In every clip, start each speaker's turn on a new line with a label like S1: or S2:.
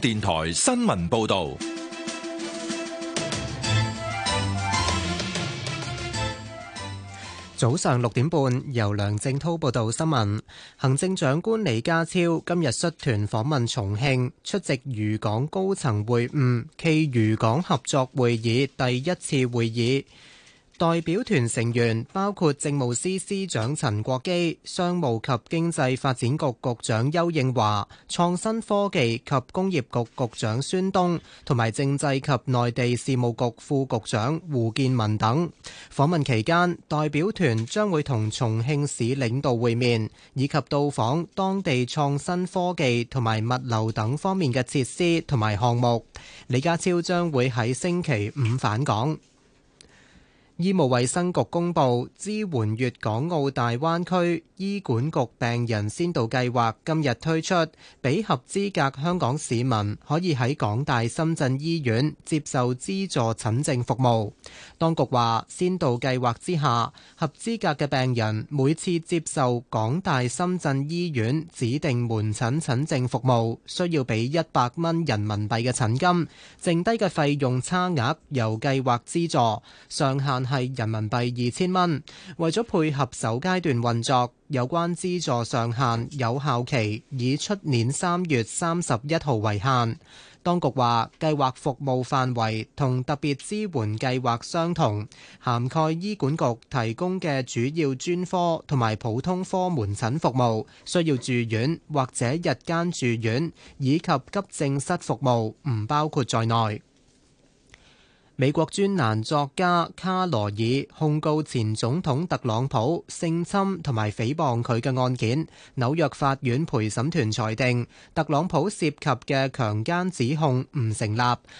S1: 電台新聞報道：
S2: 早上六點半，由梁正滔報道新聞。行政長官李家超今日率團訪問重慶，出席渝港高層會晤暨渝港合作會議第一次會議。代表團成員包括政務司司長陳國基、商務及經濟發展局局長邱應華、創新科技及工業局局長孫東，同埋政制及內地事務局副局長胡建文等。訪問期間，代表團將會同重慶市領導會面，以及到訪當地創新科技同埋物流等方面嘅設施同埋項目。李家超將會喺星期五返港。醫務衛生局公布支援粵港澳大灣區醫管局病人先導計劃，今日推出，俾合資格香港市民可以喺港大深圳醫院接受資助診症服務。當局話，先導計劃之下，合資格嘅病人每次接受港大深圳醫院指定門診診症服務，需要俾一百蚊人民幣嘅診金，剩低嘅費用差額由計劃資助上限。係人民幣二千蚊，為咗配合首階段運作，有關資助上限有效期以出年三月三十一號為限。當局話，計劃服務範圍同特別支援計劃相同，涵蓋醫管局提供嘅主要專科同埋普通科門診服務，需要住院或者日間住院，以及急症室服務，唔包括在內。美國專欄作家卡羅爾控告前總統特朗普性侵同埋誹謗佢嘅案件，紐約法院陪審團裁定特朗普涉及嘅強姦指控唔成立，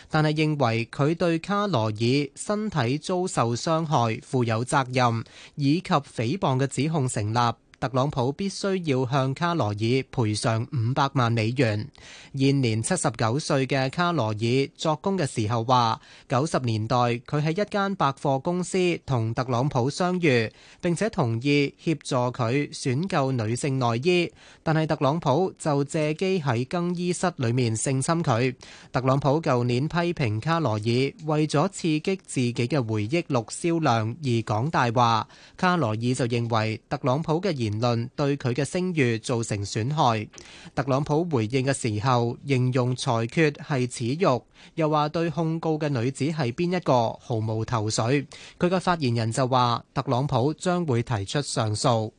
S2: 但係認為佢對卡羅爾身體遭受傷害負有責任，以及誹謗嘅指控成立。特朗普必須要向卡羅爾賠償五百萬美元。現年七十九歲嘅卡羅爾作供嘅時候話，九十年代佢喺一間百貨公司同特朗普相遇，並且同意協助佢選購女性內衣。但係特朗普就借機喺更衣室裏面性侵佢。特朗普舊年批評卡羅爾為咗刺激自己嘅回憶錄銷量而講大話，卡羅爾就認為特朗普嘅言論對佢嘅聲譽造成損害。特朗普回應嘅時候，形容裁決係恥辱，又話對控告嘅女子係邊一個毫無頭緒。佢嘅發言人就話，特朗普將會提出上訴。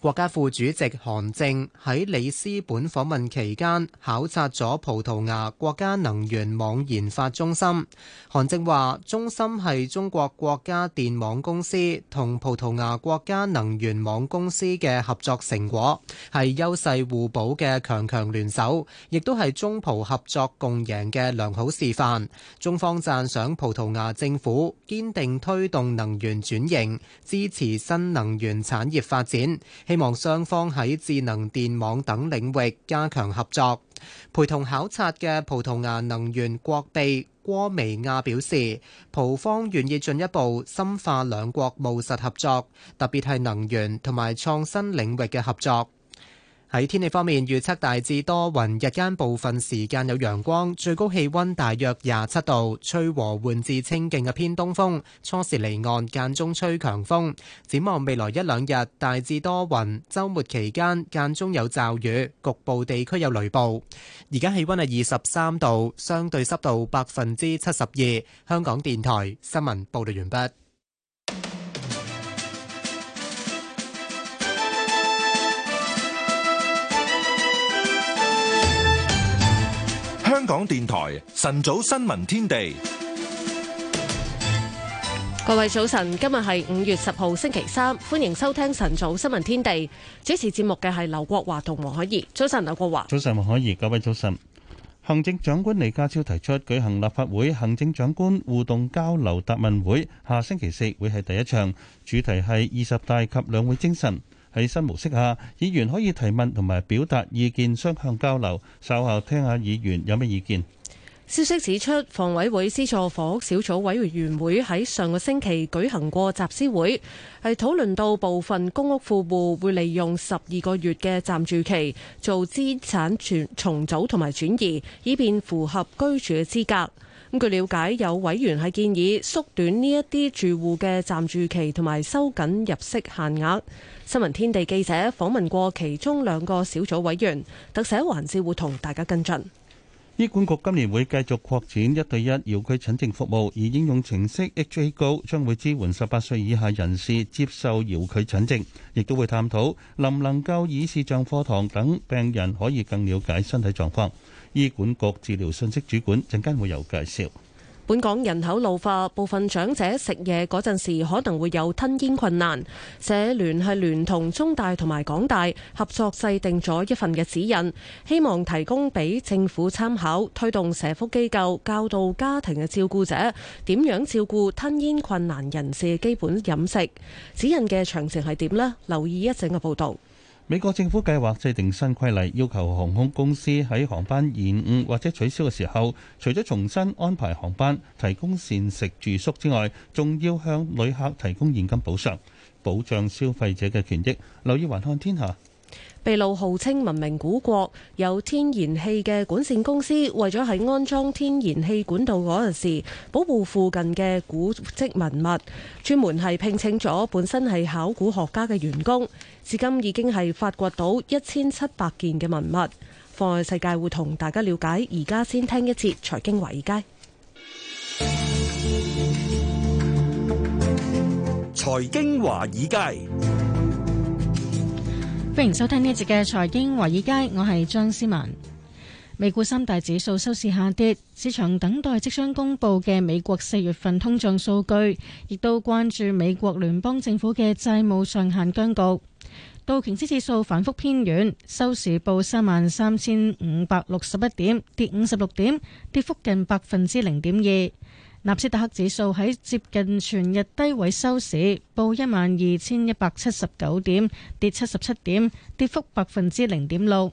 S2: 國家副主席韓正喺里斯本訪問期間，考察咗葡萄牙國家能源網研發中心。韓正話：中心係中國國家電網公司同葡萄牙國家能源網公司嘅合作成果，係優勢互補嘅強強聯手，亦都係中葡合作共贏嘅良好示範。中方讚賞葡萄牙政府堅定推動能源轉型，支持新能源產業發展。希望雙方喺智能電網等領域加強合作。陪同考察嘅葡萄牙能源國秘郭美亞表示，葡方願意進一步深化兩國務實合作，特別係能源同埋創新領域嘅合作。喺天氣方面預測大致多雲，日間部分時間有陽光，最高氣溫大約廿七度，吹和緩至清勁嘅偏東風，初時離岸間中吹強風。展望未來一兩日大致多雲，周末期間間中有驟雨，局部地區有雷暴。而家氣温係二十三度，相對濕度百分之七十二。香港電台新聞報道完畢。
S1: 港電台晨早新聞天地，各位早
S3: 晨，今日係五月十號星期三，歡迎收聽晨早新聞天地。主持節目嘅係劉國華同黃海怡。早晨，劉國華。
S4: 早晨，黃海怡。各位早晨。行政長官李家超提出舉行立法會行政長官互動交流答問會，下星期四會係第一場，主題係二十大及兩會精神。喺新模式下，議員可以提問同埋表達意見，雙向交流。稍後聽下議員有咩意見。
S3: 消息指出，房委會資助房屋小組委員會喺上個星期舉行過集思會，係討論到部分公屋富戶會利用十二個月嘅暫住期做資產全重組同埋轉移，以便符合居住嘅資格。咁據瞭解，有委員係建議縮短呢一啲住戶嘅暫住期，同埋收緊入息限額。《新聞天地》記者訪問過其中兩個小組委員，特寫環節會同大家跟進。
S4: 醫管局今年會繼續擴展一對一遙距診症服務，而應用程式 HA Go 將會支援十八歲以下人士接受遙距診症，亦都會探討能唔能夠以視像課堂等病人可以更了解身體狀況。醫管局治療信息主管陣間會有介紹。
S3: 本港人口老化，部分長者食嘢嗰陣時可能會有吞咽困難，社聯係聯同中大同埋港大合作，制定咗一份嘅指引，希望提供俾政府參考，推動社福機構教導家庭嘅照顧者點樣照顧吞咽困難人士基本飲食指引嘅詳情係點呢，留意一陣嘅報道。
S4: 美國政府計劃制定新規例，要求航空公司喺航班延誤或者取消嘅時候，除咗重新安排航班、提供膳食住宿之外，仲要向旅客提供現金補償，保障消費者嘅權益。留意環看天下。
S3: 秘魯號稱文明古國，有天然氣嘅管線公司為咗喺安裝天然氣管道嗰陣時，保護附近嘅古跡文物，專門係聘請咗本身係考古學家嘅員工。至今已經係發掘到一千七百件嘅文物。《放眼世界》會同大家了解，而家先聽一次財經華爾街。
S5: 財經華爾街。
S3: 歡迎收聽呢
S6: 一節嘅財經華爾街，我係張思文。美股三大指數收市下跌，市場等待即將公布嘅美國四月份通脹數據，亦都關注美國聯邦政府嘅債務上限僵局。道瓊斯指數反復偏軟，收市報三萬三千五百六十一點，跌五十六點，跌幅近百分之零點二。納斯達克指數喺接近全日低位收市，報一萬二千一百七十九點，跌七十七點，跌幅百分之零點六。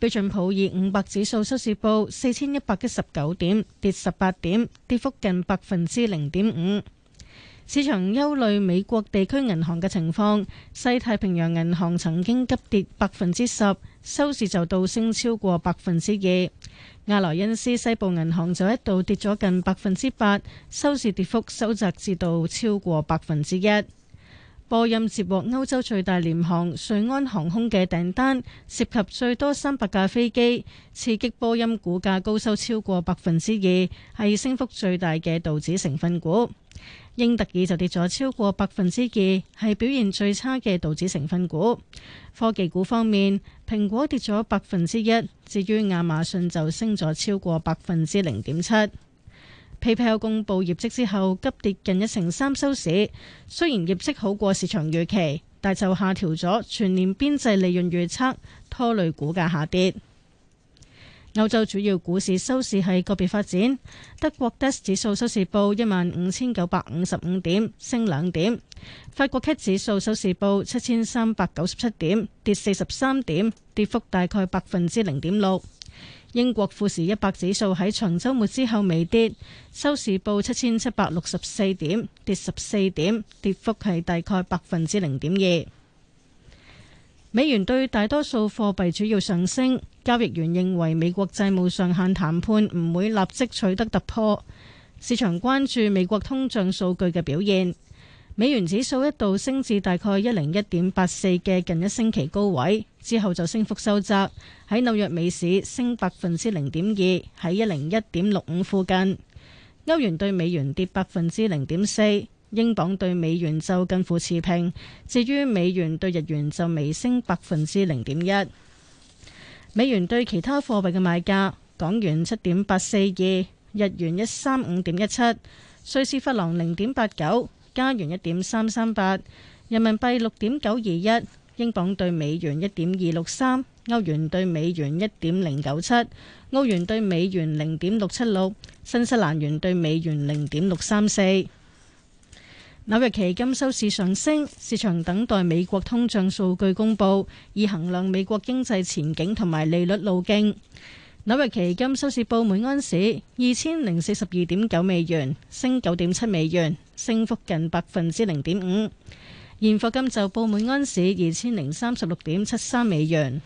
S6: 標準普爾五百指數收市報四千一百一十九點，跌十八點，跌幅近百分之零點五。市場憂慮美國地區銀行嘅情況，西太平洋銀行曾經急跌百分之十。收市就到升超過百分之二，亞萊恩斯西部銀行就一度跌咗近百分之八，收市跌幅收窄至到超過百分之一。波音接獲歐洲最大廉航瑞安航空嘅訂單，涉及最多三百架飛機，刺激波音股價高收超過百分之二，係升幅最大嘅道指成分股。英特爾就跌咗超過百分之二，係表現最差嘅道指成分股。科技股方面，蘋果跌咗百分之一，至於亞馬遜就升咗超過百分之零點七。PayPal 公佈業績之後急跌近一成三收市，雖然業績好過市場預期，但就下調咗全年邊際利潤預測，拖累股價下跌。歐洲主要股市收市係個別發展，德國 DAX 指數收市報一萬五千九百五十五點，升兩點；法國 CAC 指數收市報七千三百九十七點，跌四十三點，跌幅大概百分之零點六。英國富時一百指數喺長周末之後微跌，收市報七千七百六十四點，跌十四點，跌幅係大概百分之零點二。美元對大多數貨幣主要上升，交易員認為美國債務上限談判唔會立即取得突破，市場關注美國通脹數據嘅表現。美元指數一度升至大概一零一點八四嘅近一星期高位，之後就升幅收窄。喺紐約美市升百分之零點二，喺一零一點六五附近。歐元兌美元跌百分之零點四。英鎊對美元就近乎持平，至於美元對日元就微升百分之零點一。美元對其他貨幣嘅買價：港元七點八四二，日元一三五點一七，瑞士法郎零點八九，加元一點三三八，人民幣六點九二一，英鎊對美元一點二六三，歐元對美元一點零九七，歐元對美元零點六七六，新西蘭元對美元零點六三四。紐約期金收市上升，市場等待美國通脹數據公布，以衡量美國經濟前景同埋利率路徑。紐約期金收市報每安士二千零四十二點九美元，升九點七美元，升幅近百分之零點五。現貨金就報每安士二千零三十六點七三美元。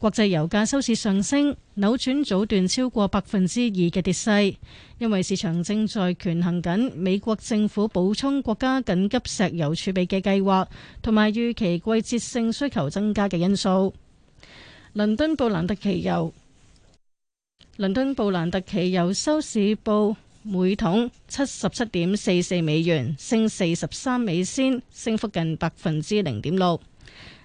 S6: 國際油價收市上升，扭轉早段超過百分之二嘅跌勢，因為市場正在權衡緊美國政府補充國家緊急石油儲備嘅計劃，同埋預期季節性需求增加嘅因素。倫敦布蘭特期油，倫敦布蘭特期油收市報每桶七十七點四四美元，升四十三美仙，升幅近百分之零點六。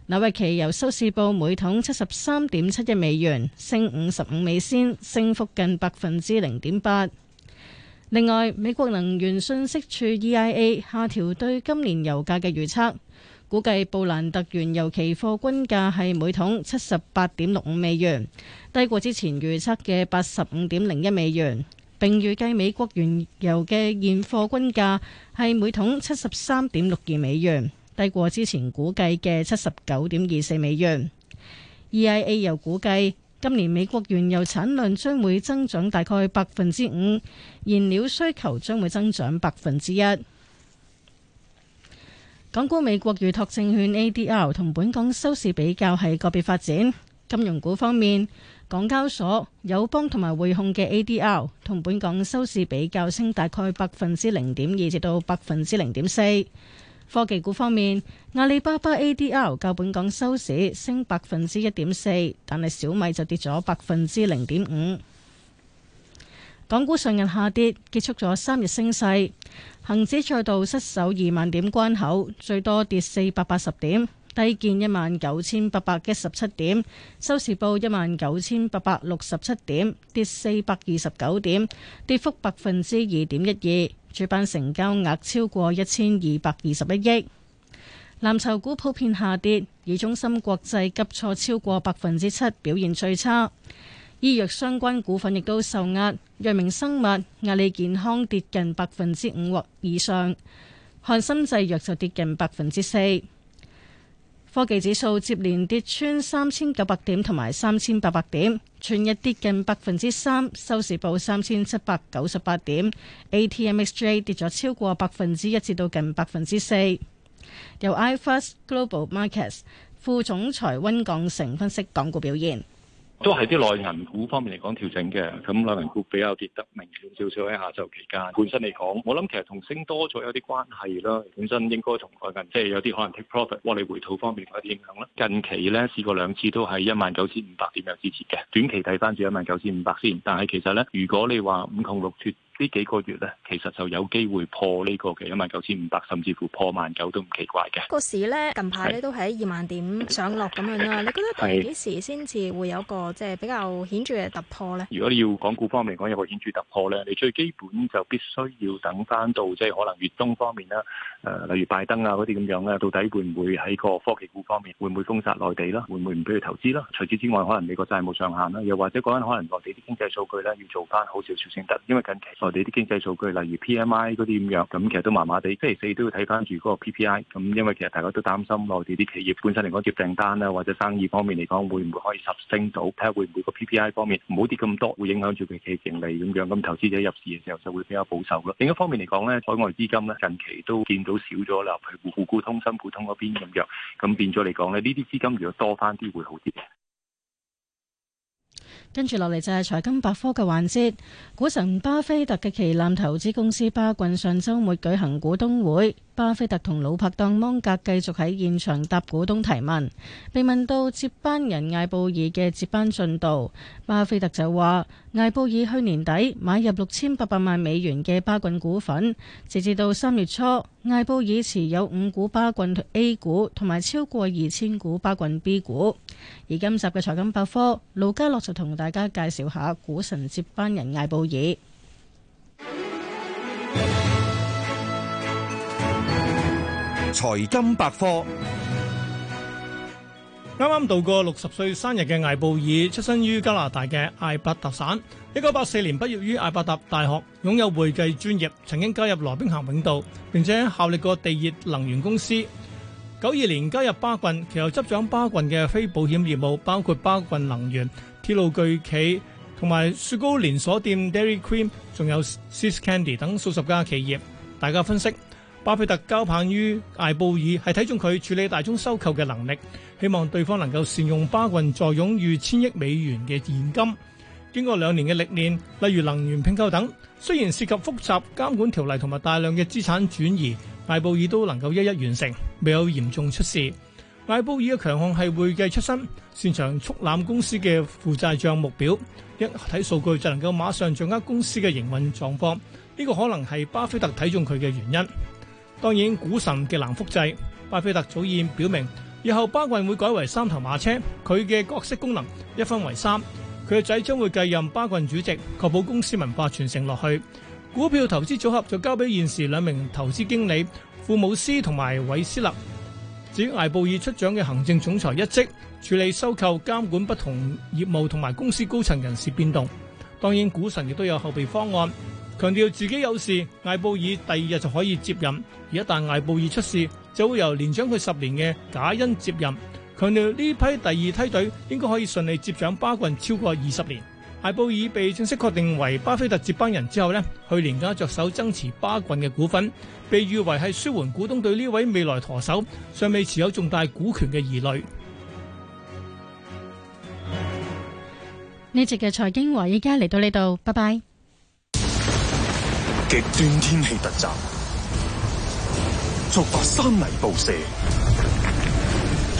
S6: 紐約期油收市報每桶七十三點七一美元，升五十五美仙，升幅近百分之零點八。另外，美國能源信息處 EIA 下調對今年油價嘅預測，估計布蘭特原油期貨均價係每桶七十八點六五美元，低過之前預測嘅八十五點零一美元，並預計美國原油嘅現貨均價係每桶七十三點六二美元。低過之前估計嘅七十九點二四美元。EIA 又估計今年美國原油產量將會增長大概百分之五，燃料需求將會增長百分之一。港股美國預託證券 ADR 同本港收市比較係個別發展。金融股方面，港交所、友邦同埋匯控嘅 ADR 同本港收市比較升大概百分之零點二至到百分之零點四。科技股方面，阿里巴巴 ADR 較本港收市升百分之一點四，但係小米就跌咗百分之零點五。港股上日下跌，結束咗三日升勢，恒指再度失守二萬點關口，最多跌四百八十點，低見一萬九千八百一十七點，收市報一萬九千八百六十七點，跌四百二十九點，跌幅百分之二點一二。主板成交額超過一千二百二十一億，藍籌股普遍下跌，以中芯國際急挫超過百分之七，表現最差。醫藥相關股份亦都受壓，藥明生物、亞力健康跌近百分之五或以上，翰森製藥就跌近百分之四。科技指數接連跌穿三千九百點同埋三千八百點，全日跌近百分之三，收市報三千七百九十八點。ATMXJ 跌咗超過百分之一至到近百分之四。由 iFAST Global Markets 副總裁温港成分析港股表現。
S7: 都係啲內銀股方面嚟講調整嘅，咁內銀股比較跌得明顯少少喺下晝期間。本身嚟講，我諗其實同升多咗有啲關係啦。本身應該同內銀，即係有啲可能 take profit，哇！你回吐方面有啲影響啦。近期咧試過兩次都係一萬九千五百點有支持嘅，短期睇翻住一萬九千五百先。但係其實咧，如果你話五窮六絕。呢幾個月咧，其實就有機會破呢、這個嘅一萬九千五百，甚至乎破萬九都唔奇怪嘅。個
S8: 市咧近排咧都喺二萬點上落咁樣啦。 你覺得睇幾時先至會有一個即係、就是、比較顯著嘅突破咧？
S7: 如果你要港股方面講有個顯著突破咧，你最基本就必須要等翻到即係、就是、可能月中方面啦，誒、呃，例如拜登啊嗰啲咁樣咧，到底會唔會喺個科技股方面會唔會封殺內地啦？會唔會唔俾佢投資啦？除此之外，可能美國債務上限啦，又或者講緊可能內地啲經濟數據咧要做翻好少少先得，因為近期，內地啲經濟數據，例如 PMI 嗰啲咁樣，咁其實都麻麻地。星期四都要睇翻住嗰個 PPI，咁因為其實大家都擔心內地啲企業本身嚟講接訂單呀，或者生意方面嚟講會唔會可以十升到？睇下會唔會個 PPI 方面唔好跌咁多，會影響住佢嘅盈利咁樣。咁投資者入市嘅時候就會比較保守囉。另一方面嚟講咧，海外資金咧近期都見到少咗啦，譬如滬股通、深股通嗰邊咁樣，咁變咗嚟講咧呢啲資金如果多翻啲會好啲。
S6: 跟住落嚟就係財金百科嘅環節，股神巴菲特嘅旗艦投資公司巴郡上周末舉行股東會。巴菲特同老拍檔芒格繼續喺現場答股東提問，被問到接班人艾布爾嘅接班進度，巴菲特就話：艾布爾去年底買入六千八百萬美元嘅巴郡股份，直至到三月初，艾布爾持有五股巴郡 A 股同埋超過二千股巴郡 B 股。而今集嘅財金百科，盧嘉樂就同大家介紹下股神接班人艾布爾。
S9: 財金百科，啱啱度過六十歲生日嘅艾布爾，出身於加拿大嘅艾伯特省，一九八四年畢業於艾伯特大學，擁有會計專業，曾經加入羅兵咸永道，並且效力過地熱能源公司。九二年加入巴郡，其後執掌巴郡嘅非保險業務，包括巴郡能源、鐵路巨企同埋雪糕連鎖店 Dairy Cream，仲有 See's Candy 等數十家企業。大家分析。巴菲特交棒於艾布爾，係睇中佢處理大宗收購嘅能力，希望對方能夠善用巴郡坐擁逾千億美元嘅現金。經過兩年嘅歷練，例如能源併購等，雖然涉及複雜監管條例同埋大量嘅資產轉移，艾布爾都能夠一一完成，未有嚴重出事。艾布爾嘅強項係會計出身，擅長速覽公司嘅負債帳目表，一睇數據就能夠馬上掌握公司嘅營運狀況。呢、這個可能係巴菲特睇中佢嘅原因。當然，股神嘅難複製。巴菲特早已表明，以後巴郡會改為三頭馬車，佢嘅角色功能一分為三。佢嘅仔將會繼任巴郡主席，確保公司文化傳承落去。股票投資組合就交俾現時兩名投資經理，庫姆斯同埋韋斯勒。至於埃布爾出掌嘅行政總裁一職，處理收購監管不同業務同埋公司高層人事變動。當然，股神亦都有後備方案。強調自己有事，艾布爾第二日就可以接任；而一旦艾布爾出事，就會由年長佢十年嘅賈恩接任。強調呢批第二梯隊應該可以順利接掌巴郡超過二十年。艾布爾被正式確定為巴菲特接班人之後呢，去年家着手增持巴郡嘅股份，被譽為係舒緩股東對呢位未來舵手尚未持有重大股權嘅疑慮。
S6: 呢節嘅財經話，依家嚟到呢度，拜拜。
S10: 極端天氣突襲，
S1: 觸發山泥暴射，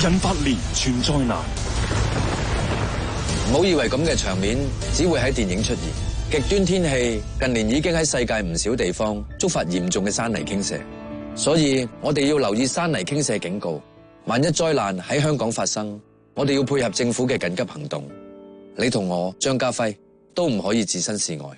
S1: 引發連串災
S5: 難。唔好以為咁嘅場面只會喺電影出現。極端天氣近年已經喺世界唔少地方觸發嚴重嘅山泥傾瀉，所以我哋要留意山泥傾瀉警告。萬一災難喺香港發生，我哋要配合政府嘅緊急行動。你同我張家輝都唔可以置身事外。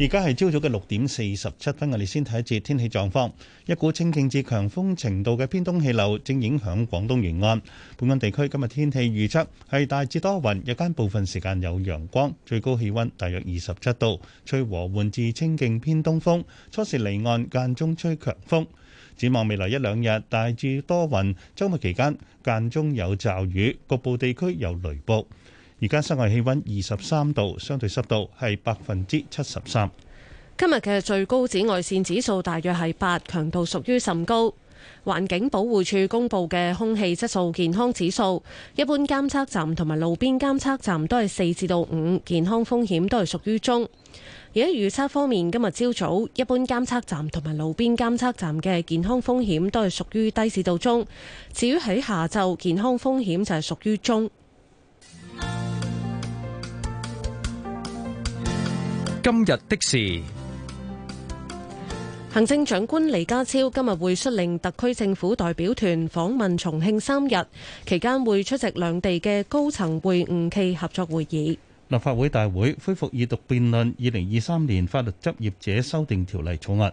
S4: 而家係朝早嘅六點四十七分，我哋先睇一節天氣狀況。一股清勁至強風程度嘅偏東氣流正影響廣東沿岸。本港地區今日天氣預測係大致多雲，日間部分時間有陽光，最高氣溫大約二十七度，吹和緩至清勁偏東風，初時離岸間中吹強風。展望未來一兩日大致多雲，週末期間間中有驟雨，局部地區有雷暴。而家室外氣溫二十三度，相對濕度係百分之七十三。
S3: 今日嘅最高紫外線指數大約係八，強度屬於甚高。環境保護署公布嘅空氣質素健康指數，一般監測站同埋路邊監測站都係四至到五，健康風險都係屬於中。而喺預測方面，今日朝早一般監測站同埋路邊監測站嘅健康風險都係屬於低至到中，至於喺下晝，健康風險就係
S5: 屬於中。今日的事，
S3: 行政長官李家超今日會率領特區政府代表團訪問重慶三日，期間會出席兩地嘅高層會晤暨合作會議。
S4: 立法會大會恢復二讀辯論，二零二三年法律執業者修訂條例草案。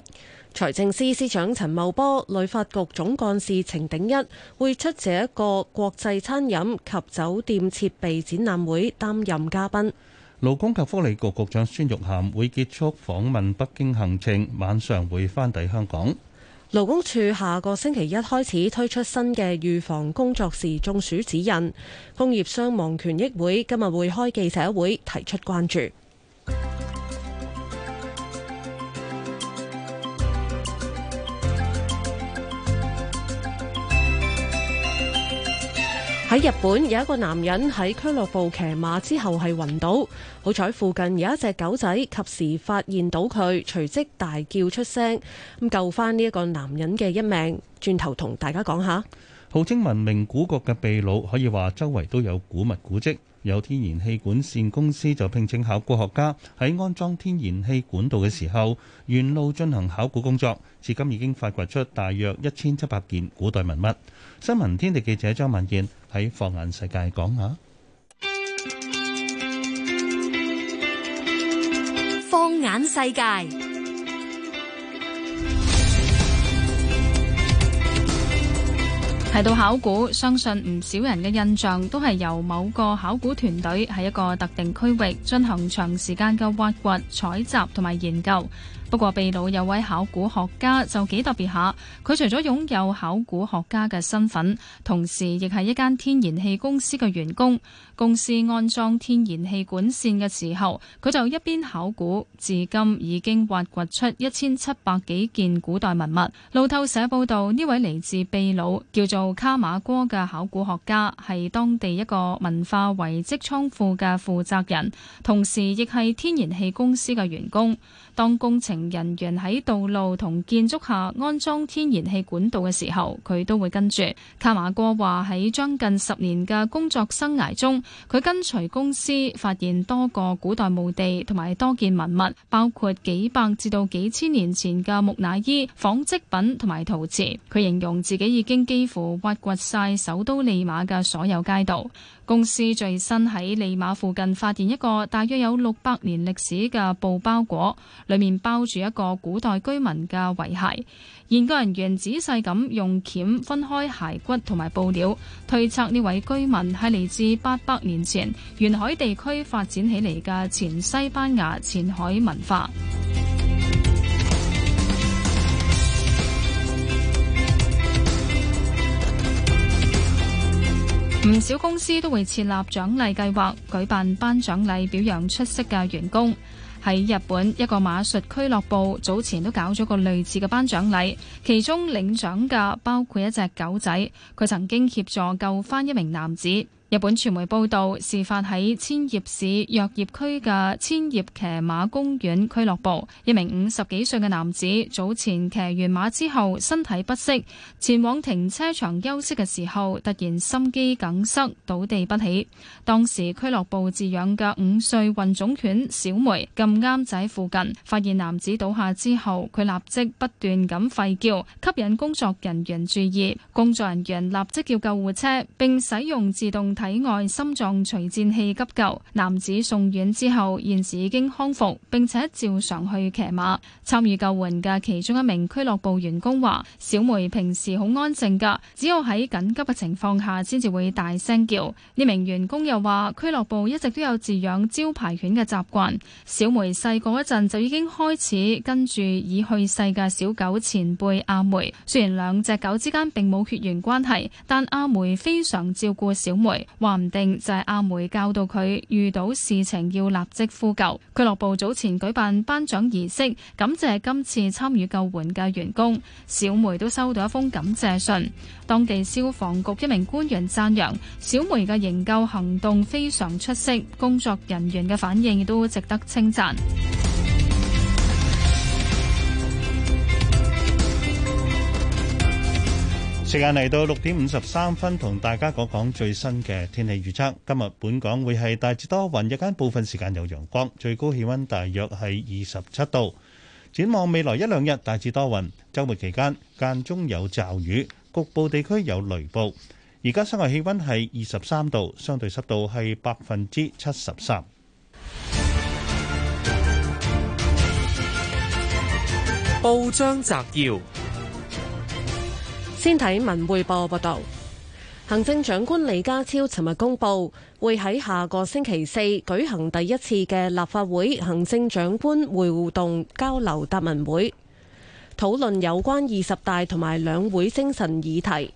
S4: 財政司司長
S3: 陳茂波、旅發局總幹事程鼎一會出席一個國際餐飲及酒店設備展覽會，擔任嘉賓。
S4: 勞工及福利局局長孫玉菡會結束訪問北京行程，晚上會返抵香港。
S3: 勞工處下個星期一開始推出新嘅預防工作時中暑指引。工業傷亡權益會今日會開記者會，提出關注。喺日本有一個男人喺俱樂部騎馬之後係暈倒，好彩附近有一隻狗仔及時發現到佢，隨即大叫出聲，咁救翻呢一個男人嘅一命。轉頭同大家講下。
S4: 號稱文明古國嘅秘魯，可以話周圍都有古物古蹟。有天然氣管線公司就聘請考古學家喺安裝天然氣管道嘅時候，沿路進行考古工作。至今已經發掘出大約一千七百件古代文物。新聞天地記者張文健喺放眼世界講下，
S11: 放眼世界。提到考古，相信唔少人嘅印象都係由某個考古團隊喺一個特定區域進行長時間嘅挖掘、採集同埋研究。不過，秘魯有位考古學家就幾特別下。佢除咗擁有考古學家嘅身份，同時亦係一間天然氣公司嘅員工。公司安裝天然氣管線嘅時候，佢就一邊考古，至今已經挖掘出一千七百幾件古代文物。路透社報道，呢位嚟自秘魯叫做卡馬戈嘅考古學家係當地一個文化遺跡倉庫嘅負責人，同時亦係天然氣公司嘅員工。當工程人員喺道路同建築下安裝天然氣管道嘅時候，佢都會跟住。卡馬哥話喺將近十年嘅工作生涯中，佢跟隨公司發現多個古代墓地同埋多件文物，包括幾百至到幾千年前嘅木乃伊、紡織品同埋陶瓷。佢形容自己已經幾乎挖掘晒首都利馬嘅所有街道。公司最新喺利馬附近發現一個大約有六百年歷史嘅布包裹，裏面包住一個古代居民嘅遺骸。研究人員仔細咁用鉗分開骸骨同埋布料，推測呢位居民係嚟自八百年前沿海地區發展起嚟嘅前西班牙前海文化。唔少公司都會設立獎勵計劃，舉辦頒獎禮表揚出色嘅員工。喺日本，一個馬術俱樂部早前都搞咗個類似嘅頒獎禮，其中領獎嘅包括一隻狗仔，佢曾經協助救翻一名男子。日本傳媒報道，事發喺千葉市若葉區嘅千葉騎馬公園俱樂部，一名五十幾歲嘅男子早前騎完馬之後身體不適，前往停車場休息嘅時候突然心肌梗塞倒地不起。當時俱樂部飼養嘅五歲混種犬小梅咁啱喺附近，發現男子倒下之後，佢立即不斷咁吠叫，吸引工作人員注意。工作人員立即叫救護車，並使用自動體外心臟除顫器急救，男子送院之後，現時已經康復，並且照常去騎馬。參與救援嘅其中一名俱樂部員工話：小梅平時好安靜噶，只要喺緊急嘅情況下先至會大聲叫。呢名員工又話，俱樂部一直都有飼養招牌犬嘅習慣。小梅細個嗰陣就已經開始跟住已去世嘅小狗前輩阿梅。雖然兩隻狗之間並冇血緣關係，但阿梅非常照顧小梅。話唔定就係阿梅教導佢遇到事情要立即呼救。俱樂部早前舉辦頒獎儀式，感謝今次參與救援嘅員工。小梅都收到一封感謝信。當地消防局一名官員讚揚小梅嘅營救行動非常出色，工作人員嘅反應亦都值得稱讚。
S4: 時間嚟到六點五十三分，同大家講講最新嘅天氣預測。今日本港會係大致多雲，日間部分時間有陽光，最高氣溫大約係二十七度。展望未來一兩日大致多雲，周末期間間中有驟雨，局部地區有雷暴。而家室外氣溫係二十三度，相對濕度係百分之七十三。報章摘要。
S3: 先睇文匯報報道，行政長官李家超尋日公布，會喺下個星期四舉行第一次嘅立法會行政長官會互動交流答問會，討論有關二十大同埋兩會精神議題。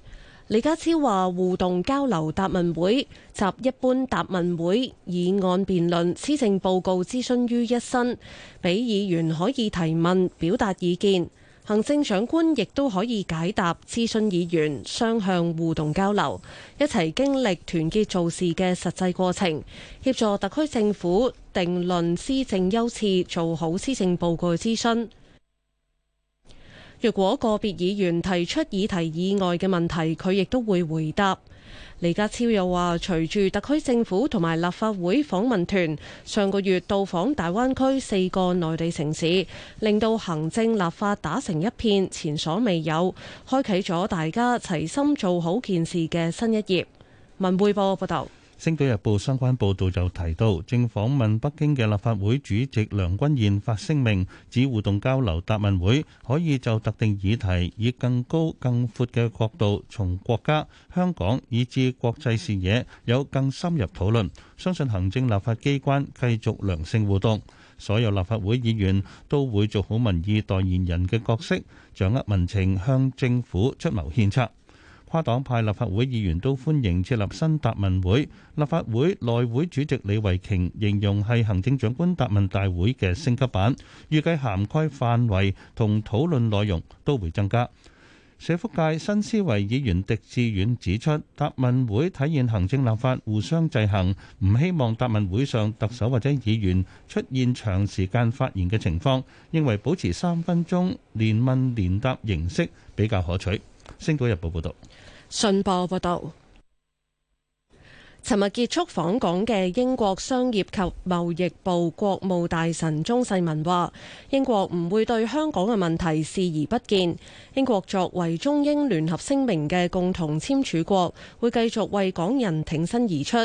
S3: 李家超話，互動交流答問會集一般答問會、議案辯論、施政報告諮詢於一身，俾議員可以提問、表達意見。行政長官亦都可以解答諮詢議員雙向互動交流，一齊經歷團結做事嘅實際過程，協助特區政府定論施政優次，做好施政報告嘅諮詢。若果個別議員提出議題以外嘅問題，佢亦都會回答。李家超又話：隨住特區政府同埋立法會訪問團上個月到訪大灣區四個內地城市，令到行政立法打成一片，前所未有，開啟咗大家齊心做好件事嘅新一頁。文匯報報
S4: 道。星島日報相關報道就提到，正訪問北京嘅立法會主席梁君彥發聲明指互動交流答問會，可以就特定議題以更高更闊嘅角度，從國家、香港以至國際視野有更深入討論，相信行政立法機關繼續良性互動。所有立法會議員都會做好民意代言人嘅角色，掌握民情向政府出謀獻策。跨黨派立法會議員都歡迎設立新答問會，立法會內會主席李慧瓊形容係行政長官答問大會嘅升級版，預計涵蓋範圍同討論內容都會增加。社福界新思維議員狄志遠指出，答問會體現行政立法互相制衡，唔希望答問會上特首或者議員出現長時間發言嘅情況，認為保持三分鐘連問連答形式比較可取。星島日報報道，
S3: 信報報道，尋日結束訪港嘅英國商業及貿易部國務大臣鍾世文話，英國唔會對香港嘅問題視而不見。英國作為中英聯合聲明嘅共同簽署國，會繼續為港人挺身而出。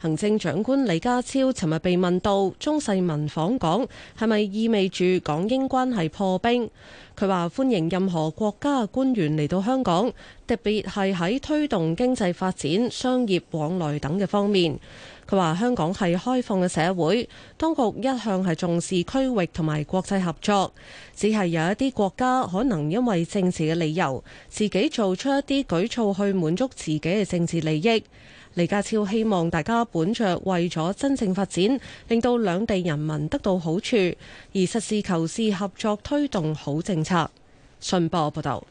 S3: 行政長官李家超尋日被問到中世民訪港係咪意味住港英關係破冰？佢話歡迎任何國家嘅官員嚟到香港，特別係喺推動經濟發展、商業往來等嘅方面。佢話香港係開放嘅社會，當局一向係重視區域同埋國際合作，只係有一啲國家可能因為政治嘅理由，自己做出一啲舉措去滿足自己嘅政治利益。李家超希望大家本着為咗真正發展，令到兩地人民得到好處，而實事求是合作推動好政策。信報報道，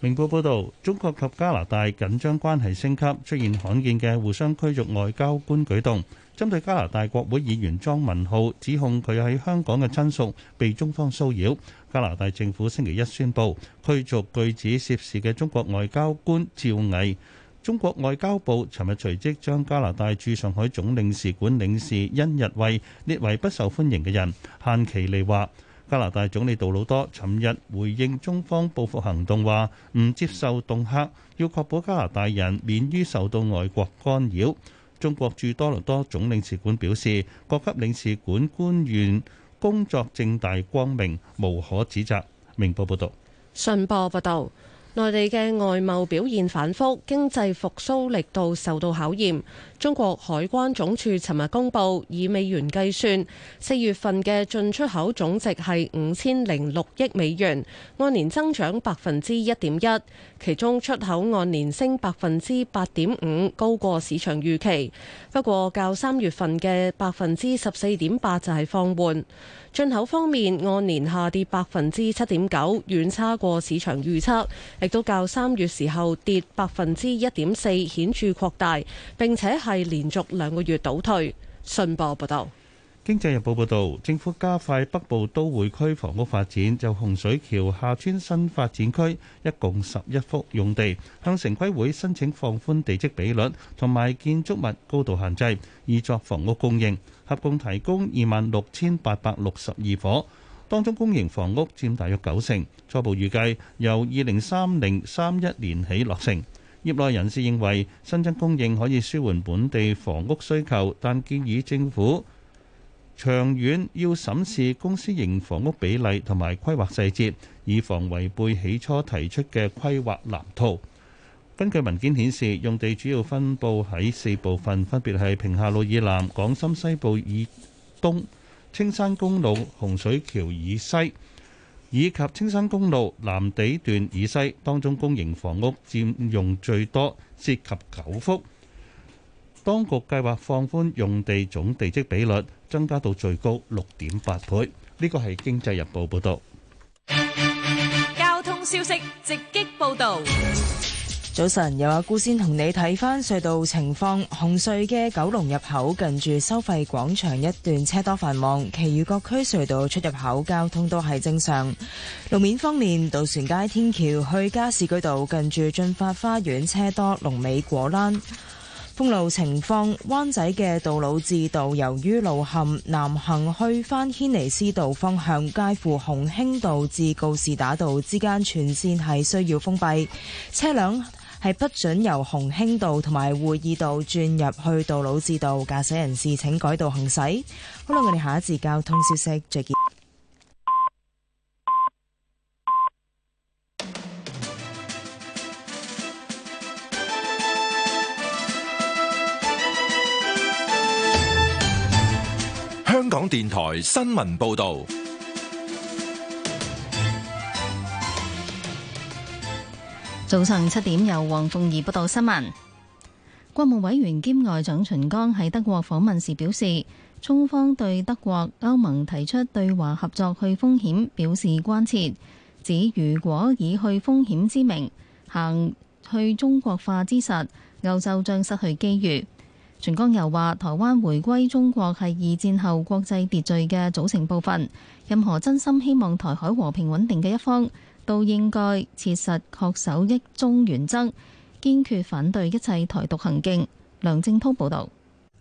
S4: 明報報道中國及加拿大緊張關係升級，出現罕見嘅互相驅逐外交官舉動，針對加拿大國會議員莊文浩指控佢喺香港嘅親屬被中方騷擾，加拿大政府星期一宣布驅逐據指涉事嘅中國外交官趙毅。中國外交部尋日隨即將加拿大駐上海總領事館領事恩日惠列為不受歡迎嘅人，限期離華。加拿大總理杜魯多尋日回應中方報復行動，話唔接受恫嚇，要確保加拿大人免於受到外國干擾。中國駐多倫多總領事館表示，各級領事館官員工作正大光明，無可指責。明報報導。
S3: 信報報導。內地嘅外貿表現反覆，經濟復甦力度受到考驗。中國海關總署尋日公布，以美元計算，四月份嘅進出口總值係五千零六億美元，按年增長百分之一點一，其中出口按年升百分之八點五，高過市場預期。不過較三月份嘅百分之十四點八就係、是、放緩。進口方面按年下跌百分之七點九，遠差過市場預測，亦都較三月時候跌百分之一點四，顯著擴大，並且。係連續兩個月倒退。信報報道，
S4: 《經濟日報》報道，政府加快北部都會區房屋發展，就洪水橋下村新發展區，一共十一幅用地，向城規會申請放寬地積比率同埋建築物高度限制，以作房屋供應，合共提供二萬六千八百六十二夥，當中公營房屋佔大約九成，初步預計由二零三零三一年起落成。業內人士認為，新增供應可以舒緩本地房屋需求，但建議政府長遠要審視公司型房屋比例同埋規劃細節，以防違背起初提出嘅規劃藍圖。根據文件顯示，用地主要分佈喺四部分，分別係平下路以南、港深西部以東、青山公路、洪水橋以西。以及青山公路南地段以西當中，公營房屋佔用最多，涉及九幅。當局計劃放寬用地總地積比率，增加到最高六點八倍。呢個係《經濟日報》報道。
S11: 交通消息直擊
S6: 報道。
S12: 早晨，有阿姑先同你睇翻隧道情況。紅隧嘅九龍入口近住收費廣場一段車多繁忙，其餘各區隧道出入口交通都係正常。路面方面，渡船街天橋去加士居道近住駿發花園車多美，龍尾果欄。封路情況，灣仔嘅杜老志道由於路陷，南行去翻軒尼詩道方向，介乎鴻興道至告士打道之間全線係需要封閉，車輛。係不准由鴻興道同埋會議道轉入去杜老誌道，駕駛人士請改道行駛。好啦，我哋下一節交通消息再見。
S1: 香港電台新聞報道。
S13: 早上七點，由黃鳳儀報道新聞。國務委員兼外長秦剛喺德國訪問時表示，中方對德國、歐盟提出對華合作去風險表示關切，指如果以去風險之名行去中國化之實，歐洲將失去機遇。秦剛又話，台灣回歸中國係二戰後國際秩序嘅組成部分，任何真心希望台海和平穩定嘅一方，都應該切實確守一中原則，堅決反對一切台獨行徑。梁正滔報
S2: 導。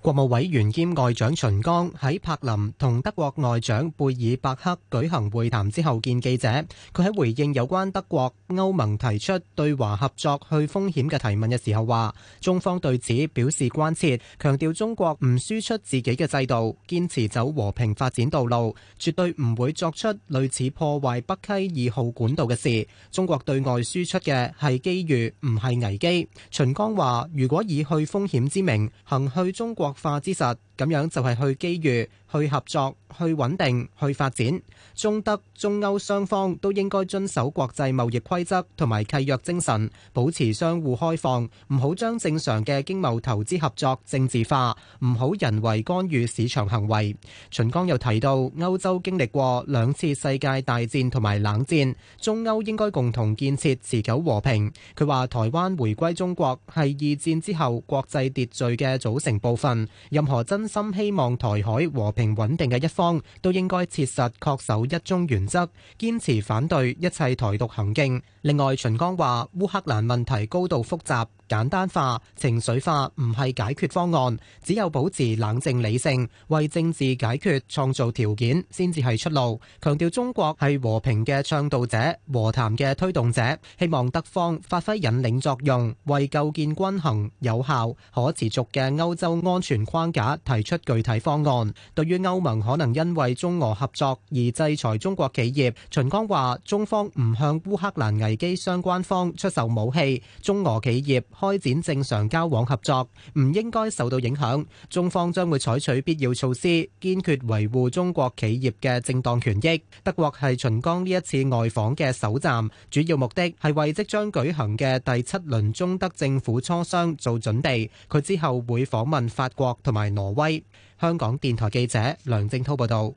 S2: 國務委員兼外長秦剛喺柏林同德國外長貝爾伯克舉行會談之後見記者，佢喺回應有關德國、歐盟提出對華合作去風險嘅提問嘅時候話，中方對此表示關切，強調中國唔輸出自己嘅制度，堅持走和平發展道路，絕對唔會作出類似破壞北溪二號管道嘅事。中國對外輸出嘅係機遇，唔係危機。秦剛話，如果以去風險之名，行去中國。化之實，咁樣就係去機遇、去合作、去穩定、去發展。中德、中歐雙方都應該遵守國際貿易規則同埋契約精神，保持相互開放，唔好將正常嘅經貿投資合作政治化，唔好人為干預市場行為。秦剛又提到，歐洲經歷過兩次世界大戰同埋冷戰，中歐應該共同建設持久和平。佢話台灣回歸中國係二戰之後國際秩序嘅組成部分。任何真心希望台海和平穩定嘅一方，都應該切實恪守一中原則，堅持反對一切台獨行徑。另外，秦剛話，烏克蘭問題高度複雜。簡單化、情緒化唔係解決方案，只有保持冷靜理性，為政治解決創造條件，先至係出路。強調中國係和平嘅倡導者、和談嘅推動者，希望德方發揮引領作用，為構建均衡、有效、可持續嘅歐洲安全框架提出具體方案。對於歐盟可能因為中俄合作而制裁中國企業，秦剛話：中方唔向烏克蘭危機相關方出售武器，中俄企業，開展正常交往合作，唔應該受到影響。中方將會採取必要措施，堅決維護中國企業嘅正當權益。德國係秦剛呢一次外訪嘅首站，主要目的係為即將舉行嘅第七輪中德政府磋商做準備。佢之後會訪問法國同埋挪威。香港電台記者梁正滔報導。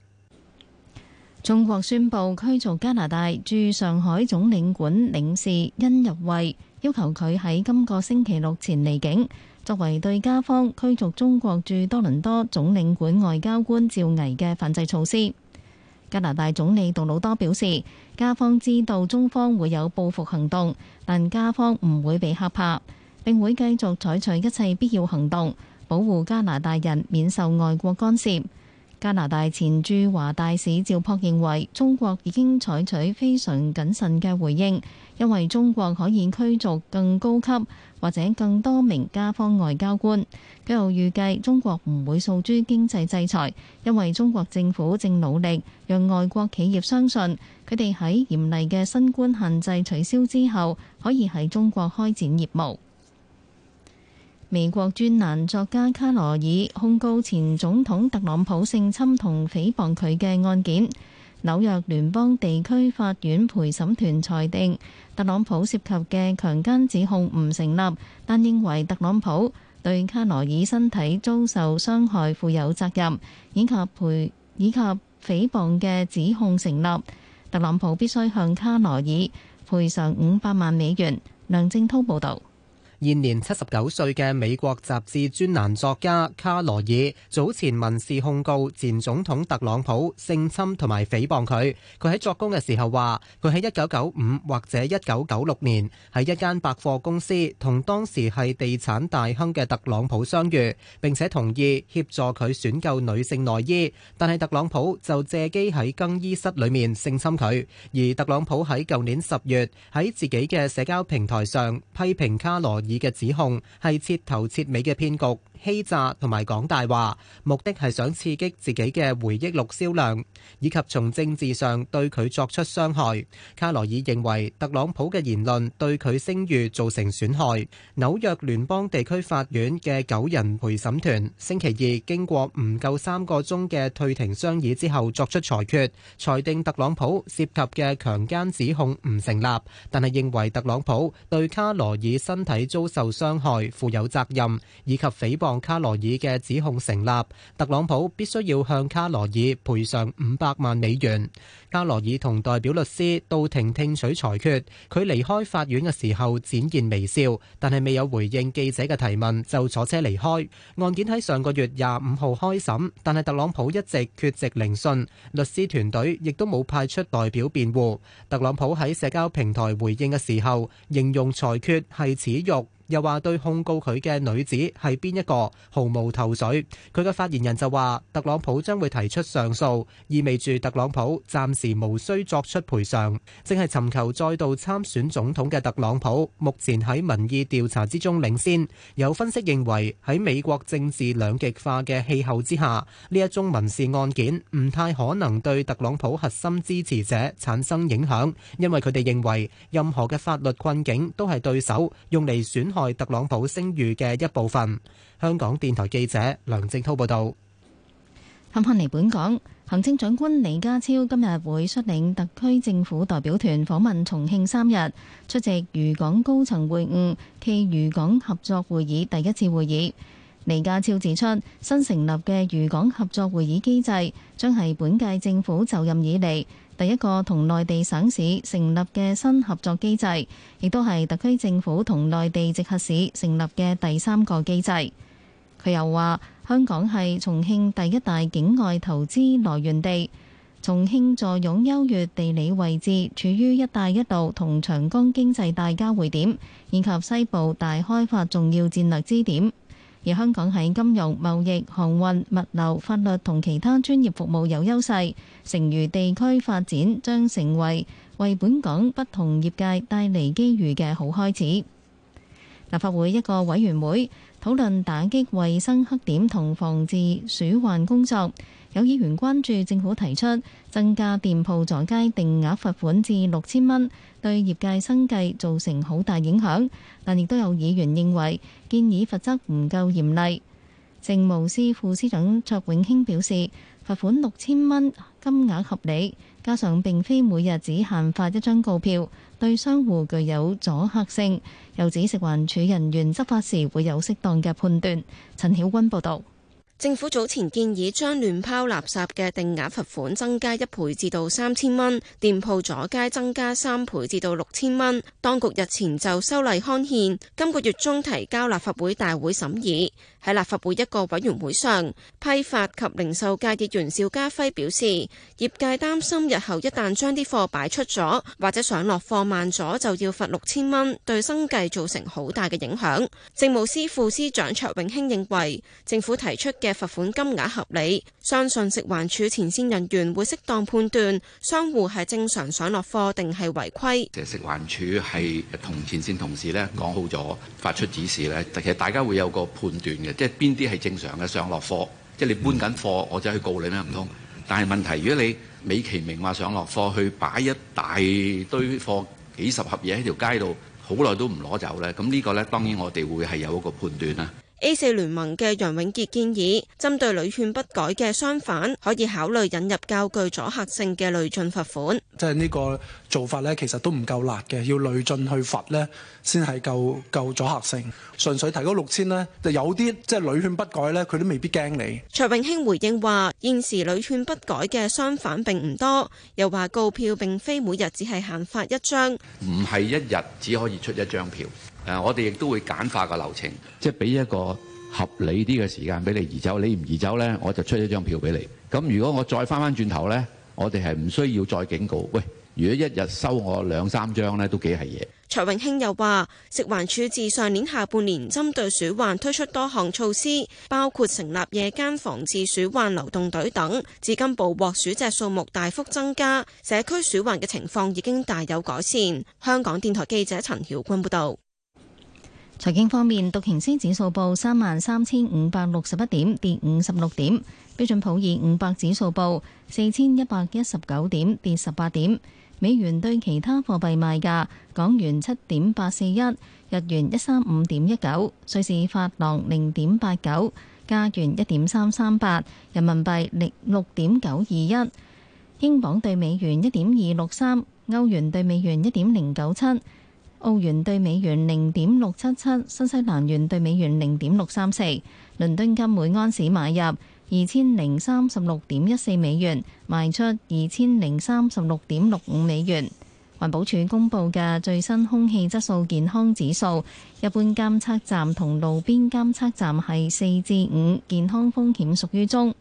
S13: 中國宣布驅逐加拿大駐上海總領館領事甄逸慧。要求佢喺今個星期六前離境，作為對加方驅逐中國駐多倫多總領館外交官趙毅嘅反制措施。加拿大總理杜魯多表示，加方知道中方會有報復行動，但加方唔會被嚇怕，並會繼續採取一切必要行動，保護加拿大人免受外國干涉。加拿大前駐華大使趙樸認為，中國已經採取非常謹慎嘅回應，因為中國可以驅逐更高級或者更多名加方外交官。佢又預計中國唔會訴諸經濟制裁，因為中國政府正努力讓外國企業相信佢哋喺嚴厲嘅新冠限制取消之後，可以喺中國開展業務。美國專欄作家卡羅爾控告前總統特朗普性侵同誹謗佢嘅案件，紐約聯邦地區法院陪審團裁定特朗普涉及嘅強姦指控唔成立，但認為特朗普對卡羅爾身體遭受傷害負有責任，以及賠以及誹謗嘅指控成立，特朗普必須向卡羅爾賠償五百萬美元。梁正滔報導。
S2: 現年七十九歲嘅美國雜誌專欄作家卡羅爾早前民事控告前總統特朗普性侵同埋誹謗佢。佢喺作供嘅時候話，佢喺一九九五或者一九九六年喺一間百貨公司同當時係地產大亨嘅特朗普相遇，並且同意協助佢選購女性內衣，但係特朗普就借機喺更衣室裏面性侵佢。而特朗普喺舊年十月喺自己嘅社交平台上批評卡羅爾嘅指控係徹頭徹尾嘅騙局，欺詐同埋講大話，目的係想刺激自己嘅回憶錄銷量，以及從政治上對佢作出傷害。卡羅爾認為特朗普嘅言論對佢聲譽造成損害。紐約聯邦地區法院嘅九人陪審團星期二經過唔夠三個鐘嘅退庭商議之後作出裁決，裁定特朗普涉及嘅強姦指控唔成立，但係認為特朗普對卡羅爾身體遭受傷害負有責任，以及誹謗。向卡羅爾嘅指控成立，特朗普必須要向卡羅爾賠償五百萬美元。卡羅爾同代表律師到庭聽取裁決，佢離開法院嘅時候展現微笑，但係未有回應記者嘅提問就坐車離開。案件喺上個月廿五號開審，但係特朗普一直缺席聆訊，律師團隊亦都冇派出代表辯護。特朗普喺社交平台回應嘅時候，形容裁決係恥辱。又話對控告佢嘅女子係邊一個毫無頭緒。佢嘅發言人就話特朗普將會提出上訴，意味住特朗普暫時無需作出賠償。正係尋求再度參選總統嘅特朗普，目前喺民意調查之中領先。有分析認為喺美國政治兩極化嘅氣候之下，呢一宗民事案件唔太可能對特朗普核心支持者產生影響，因為佢哋認為任何嘅法律困境都係對手用嚟選害特朗普聲譽嘅一部分。香港電台記者梁正濤報道。
S13: 翻返嚟，本港，行政長官李家超今日會率領特區政府代表團訪問重慶三日，出席渝港高層會晤暨渝港合作會議第一次會議。李家超指出，新成立嘅渝港合作會議機制，將係本屆政府就任以嚟。第一個同內地省市成立嘅新合作機制，亦都係特區政府同內地直轄市成立嘅第三個機制。佢又話：香港係重慶第一大境外投資來源地，重慶坐擁優越地理位置，處於「一帶一路」同長江經濟帶交匯點，以及西部大開發重要戰略支點。而香港喺金融、貿易、航運、物流、法律同其他專業服務有優勢，成渝地區發展將成為為本港不同業界帶嚟機遇嘅好開始。立法會一個委員會。討論打擊衞生黑點同防治鼠患工作，有議員關注政府提出增加店鋪阻街定額罰款至六千蚊，對業界生計造成好大影響。但亦都有議員認為建議罰則唔夠嚴厲。政務司副司長卓永興表示，罰款六千蚊金額合理。加上並非每日只限發一張告票，對商戶具有阻嚇性，又指食環署人員執法時會有適當嘅判斷，陳曉君報道。
S8: 政府早前建議將亂拋垃圾嘅定額罰款增加一倍至到三千蚊，店鋪阻街增加三倍至到六千蚊。當局日前就修例刊憲，今個月中提交立法會大會審議。喺立法會一個委員會上，批發及零售界議員邵家輝表示，業界擔心日後一旦將啲貨擺出咗，或者上落貨慢咗，就要罰六千蚊，對生計造成好大嘅影響。政務司副司長卓永興認為，政府提出嘅罰款金額合理，相信食環署前線人員會適當判斷商戶係正常上落貨定係違規。
S14: 食環署係同前線同事咧講好咗，發出指示咧，其實大家會有個判斷嘅，即係邊啲係正常嘅上落貨，即係你搬緊貨，我就去告你咩唔通？但係問題，如果你美其名話上落貨，去擺一大堆貨，幾十盒嘢喺條街度，好耐都唔攞走咧，咁呢個咧，當然我哋會係有一個判斷啦。
S8: A 四聯盟嘅楊永杰建議，針對屢勸不改嘅商販，可以考慮引入較具阻嚇性嘅
S1: 累進罰款。即係呢個做法咧，其實都唔夠辣嘅，要累進去罰咧，先係夠夠阻嚇性。純粹提高六千咧，就有啲即係屢勸不改咧，佢都未必驚你。
S8: 卓永興回應話：現時屢勸不改嘅商販並唔多，又話告票並非每日只係限發一張，
S5: 唔係一日只可以出一
S14: 張票。我哋亦都會簡化個流程，即係俾一個合理啲嘅時間俾你移走。你唔移走呢，我就出一張票俾你。咁如果我再翻翻轉頭呢，我哋係唔需要再警告。喂，如果一日收我兩三張呢，都幾係嘢。
S8: 蔡永興又話，食環署自上年下半年針對鼠患推出多項措施，包括成立夜間防治鼠患流動隊等，至今捕獲鼠隻數目大幅增加，社區鼠患嘅情況已經大有改善。香港電台記者陳曉君報導。
S13: 財經方面，道瓊斯指數報三萬三千五百六十一點，跌五十六點；標準普爾五百指數報四千一百一十九點，跌十八點。美元對其他貨幣賣價：港元七點八四一，日元一三五點一九，瑞士法郎零點八九，加元一點三三八，人民幣六點九二一，英鎊對美元一點二六三，歐元對美元一點零九七。澳元兌美元零點六七七，新西蘭元兌美元零點六三四。倫敦金每安士買入二千零三十六點一四美元，賣出二千零三十六點六五美元。環保署公布嘅最新空氣質素健康指數，一般監測站同路邊監測站係四至五，健康風險屬於中。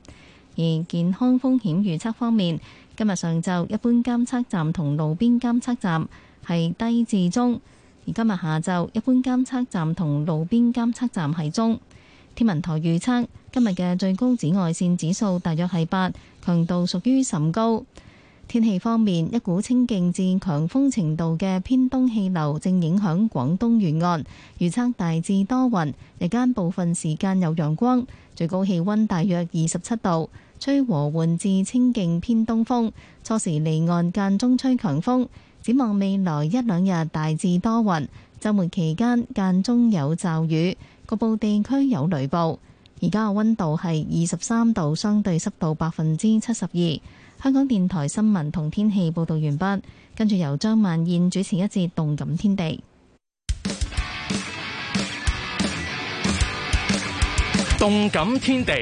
S13: 而健康風險預測方面，今日上晝一般監測站同路邊監測站係低至中。而今日下晝一般監測站同路邊監測站係中。天文台預測今日嘅最高紫外線指數大約係八，強度屬於甚高。天氣方面，一股清勁至強風程度嘅偏東氣流正影響廣東沿岸，預測大致多雲，日間部分時間有陽光，最高氣溫大約二十七度，吹和緩至清勁偏東風，初時離岸間中吹強風。展望未來一兩日大致多雲，周末期間間中有驟雨，局部地區有雷暴。而家嘅溫度係二十三度，相對濕度百分之七十二。香港電台新聞同天氣報道完畢，跟住由張萬燕主持一節《動感天地》。
S1: 《動感
S14: 天
S10: 地》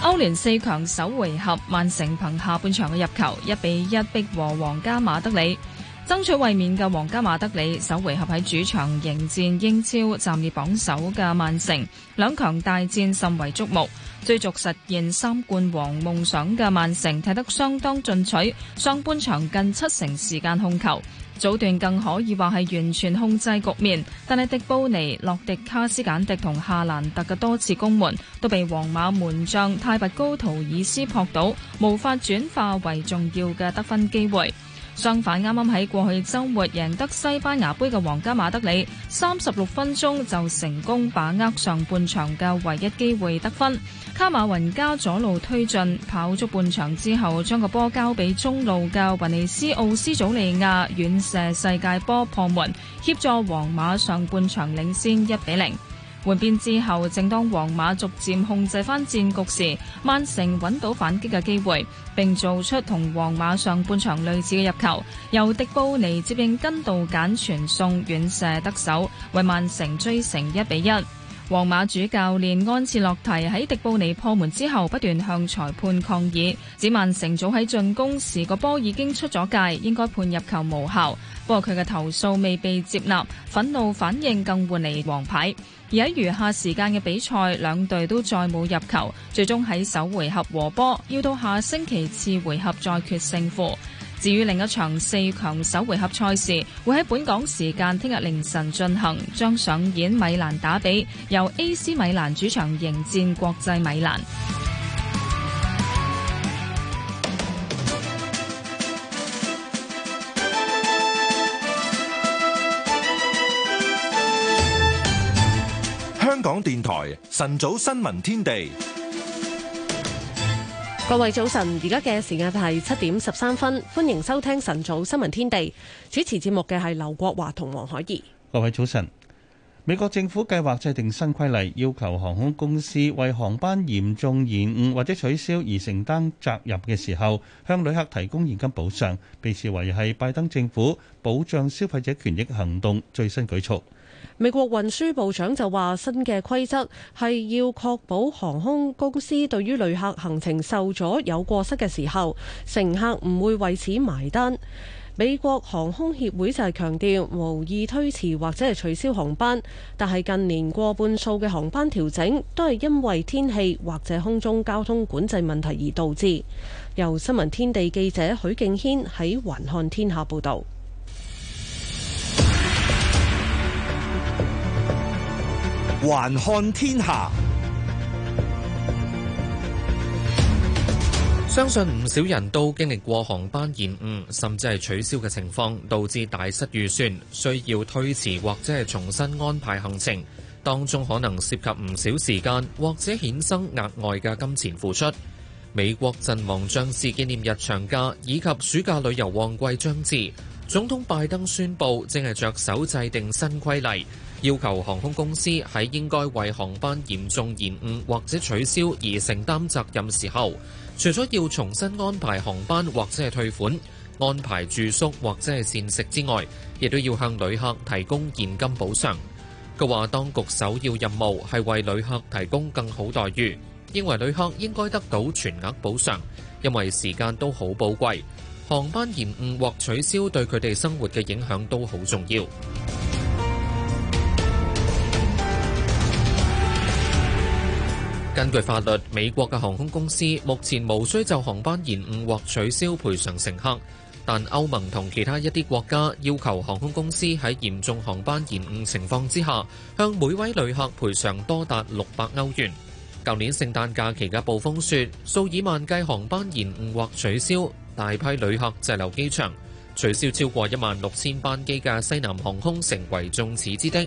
S11: 歐聯四強首回合，曼城憑下半場嘅入球一比一逼和皇家馬德里，爭取衛冕嘅皇家馬德里首回合喺主場迎戰英超暫列榜首嘅曼城，兩強大戰甚為矚目。追逐實現三冠王夢想嘅曼城，踢得相當進取，上半場近七成時間控球。早段更可以話係完全控制局面，但係迪布尼、洛迪、卡斯簡迪同夏蘭特嘅多次攻門都被皇馬門將泰拔高圖爾斯撲到，無法轉化為重要嘅得分機會。相反，啱啱喺過去周末贏得西班牙杯嘅皇家馬德里，三十六分鐘就成功把握上半場嘅唯一機會得分。卡馬雲加左路推進，跑足半場之後，將個波交俾中路嘅雲尼斯奧斯祖利亞遠射世界波破門，協助皇馬上半場領先一比零。換邊之後，正當皇馬逐漸控制翻戰局時，曼城揾到反擊嘅機會，並做出同皇馬上半場類似嘅入球。由迪布尼接應根度簡傳送遠射得手，為曼城追成一比一。皇馬主教練安察洛堤喺迪布尼破門之後，不斷向裁判抗議，指曼城早喺進攻時個波已經出咗界，應該判入球無效。不過佢嘅投訴未被接納，憤怒反應更換嚟黃牌。而喺餘下時間嘅比賽，兩隊都再冇入球，最終喺首回合和波，要到下星期次回合再決勝負。至於另一場四強首回合賽事，會喺本港時間聽日凌晨進行，將上演米蘭打比，由 AC 米蘭主場迎戰國際米蘭。
S1: 港電台晨早新聞天地，
S3: 各位早晨，而家嘅時間係七點十三分，歡迎收聽晨早新聞天地。主持節目嘅係劉國華同
S4: 黃海怡。各位早晨，美國政府計劃制定新規例，要求航空公司為航班嚴重延誤或者取消而承擔責任嘅時候，向旅客提供現金補償，被視為係拜登政府保障消費者權益行動最新舉措。
S3: 美國運輸部長就話：新嘅規則係要確保航空公司對於旅客行程受阻有過失嘅時候，乘客唔會為此埋單。美國航空協會就係強調無意推遲或者係取消航班，但係近年過半數嘅航班調整都係因為天氣或者空中交通管制問題而導致。由新聞天地記者許敬軒喺環看天下報導。
S1: 還看天下，
S14: 相信唔少人都經歷過航班延誤，甚至係取消嘅情況，導致大失預算，需要推遲或者係重新安排行程，當中可能涉及唔少時間，或者衍生額外嘅金錢付出。美國陣亡將士紀念日長假以及暑假旅遊旺季將至，總統拜登宣佈正係着手制定新規例。要求航空公司喺應該為航班嚴重延誤或者取消而承擔責任時候，除咗要重新安排航班或者係退款，安排住宿或者係膳食之外，亦都要向旅客提供現金補償，佢話當局首要任務係為旅客提供更好待遇，認為旅客應該得到全額補償，因為時間都好寶貴，航班延誤或取消對佢哋生活嘅影響都好重要。根據法律，美國嘅航空公司目前無需就航班延誤或取消賠償乘客，但歐盟同其他一啲國家要求航空公司喺嚴重航班延誤情況之下，向每位旅客賠償多達六百歐元。舊年聖誕假期嘅暴風雪，數以萬計航班延誤或取消，大批旅客滯留機場，取消超過一萬六千班機嘅西南航空成為眾矢之的。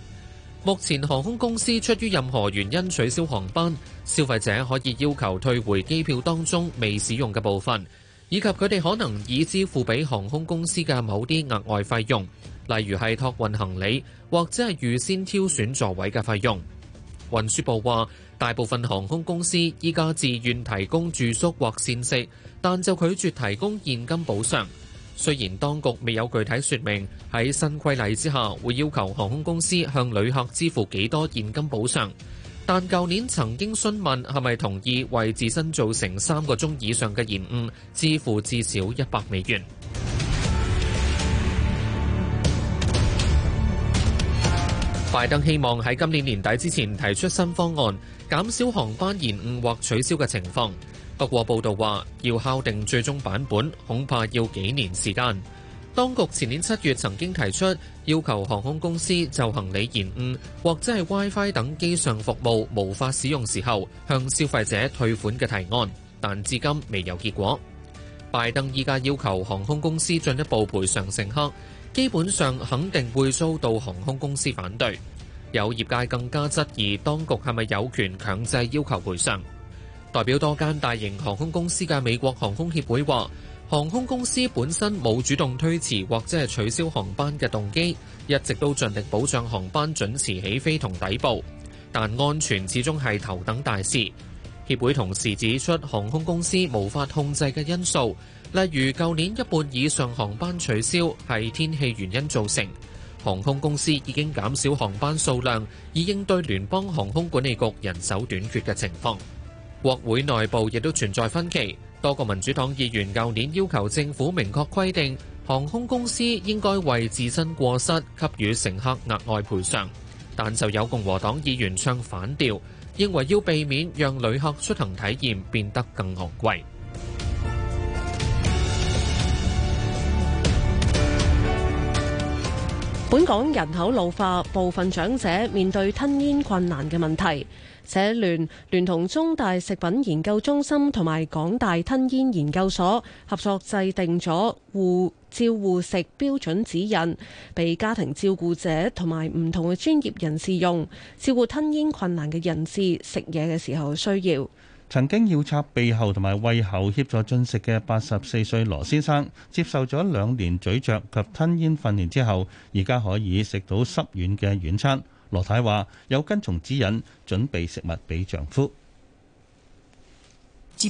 S14: 目前航空公司出於任何原因取消航班，消費者可以要求退回機票當中未使用嘅部分，以及佢哋可能已支付俾航空公司嘅某啲額外費用，例如係託運行李或者係預先挑選座位嘅費用。運輸部話，大部分航空公司依家自願提供住宿或膳食，但就拒絕提供現金補償。雖然當局未有具體說明喺新規例之下會要求航空公司向旅客支付幾多現金補償，但舊年曾經詢問係咪同意為自身造成三個鐘以上嘅延誤支付至少一百美元。拜登希望喺今年年底之前提出新方案，減少航班延誤或取消嘅情況。不過，報道話要敲定最終版本，恐怕要幾年時間。當局前年七月曾經提出要求航空公司就行李延誤或者係 WiFi 等機上服務無法使用時候向消費者退款嘅提案，但至今未有結果。拜登依家要求航空公司進一步賠償乘，乘客，基本上肯定會遭到航空公司反對。有業界更加質疑當局係咪有權強制要求賠償。代表多間大型航空公司嘅美國航空協會話，航空公司本身冇主動推遲或者係取消航班嘅動機，一直都盡力保障航班準時起飛同抵埗。但安全始終係頭等大事。協會同時指出，航空公司無法控制嘅因素，例如舊年一半以上航班取消係天氣原因造成。航空公司已經減少航班數量，以應對聯邦航空管理局人手短缺嘅情況。國會內部亦都存在分歧，多個民主黨議員舊年要求政府明確規定航空公司應該為自身過失給予乘客額外賠償，但就有共和黨議員唱反調，認為要避免讓旅客出行體驗變得更昂貴。
S3: 本港人口老化，部分長者面對吞嚥困難嘅問題。社聯聯同中大食品研究中心同埋港大吞嚥研究所合作制定咗護照護食標準指引，畀家庭照顧者同埋唔同嘅專業人士用，照顧吞嚥困難嘅人士食嘢嘅時候需要。
S4: 曾經要插鼻喉同埋胃喉協助進食嘅八十四歲羅先生，接受咗兩年咀嚼及吞嚥訓練之後，而家可以食到濕軟嘅軟餐。羅太話有跟從指引，準備食物俾丈夫。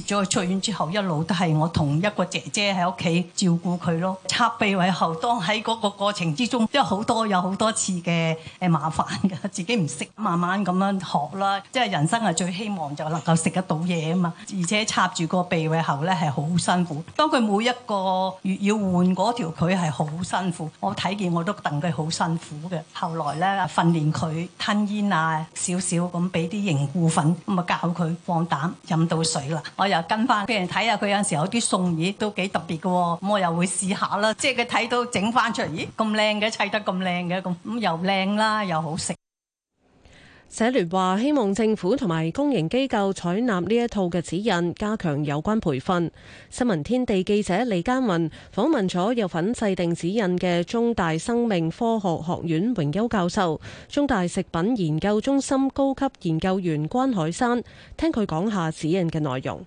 S6: 接咗佢出院之後，一路都係我同一個姐姐喺屋企照顧佢咯。插鼻胃喉，當喺嗰個過程之中，因為好多有好多次嘅誒麻煩嘅，自己唔識，慢慢咁樣學啦。即係人生係最希望就能夠食得到嘢啊嘛。而且插住個鼻胃喉咧係好辛苦。當佢每一個月要換嗰條佢係好辛苦，我睇見我都戥佢好辛苦嘅。後來咧訓練佢吞嚥啊，少少咁俾啲凝固粉，咁啊教佢放膽飲到水啦。我又跟翻俾人睇下，哦，佢有陣時有啲餸嘢，都幾特別嘅，咁我又會試下啦。即係佢睇到整翻出嚟，咦，咁靚嘅，砌得咁靚嘅，咁咁又靚啦，又好食。
S3: 社聯話希望政府同埋公營機構採納呢一套嘅指引，加強有關培訓。新聞天地記者李嘉文訪問咗有份制定指引嘅中大生命科學學院榮休教授、中大食品研究中心高級研究員關海山，聽佢講下指引嘅內容。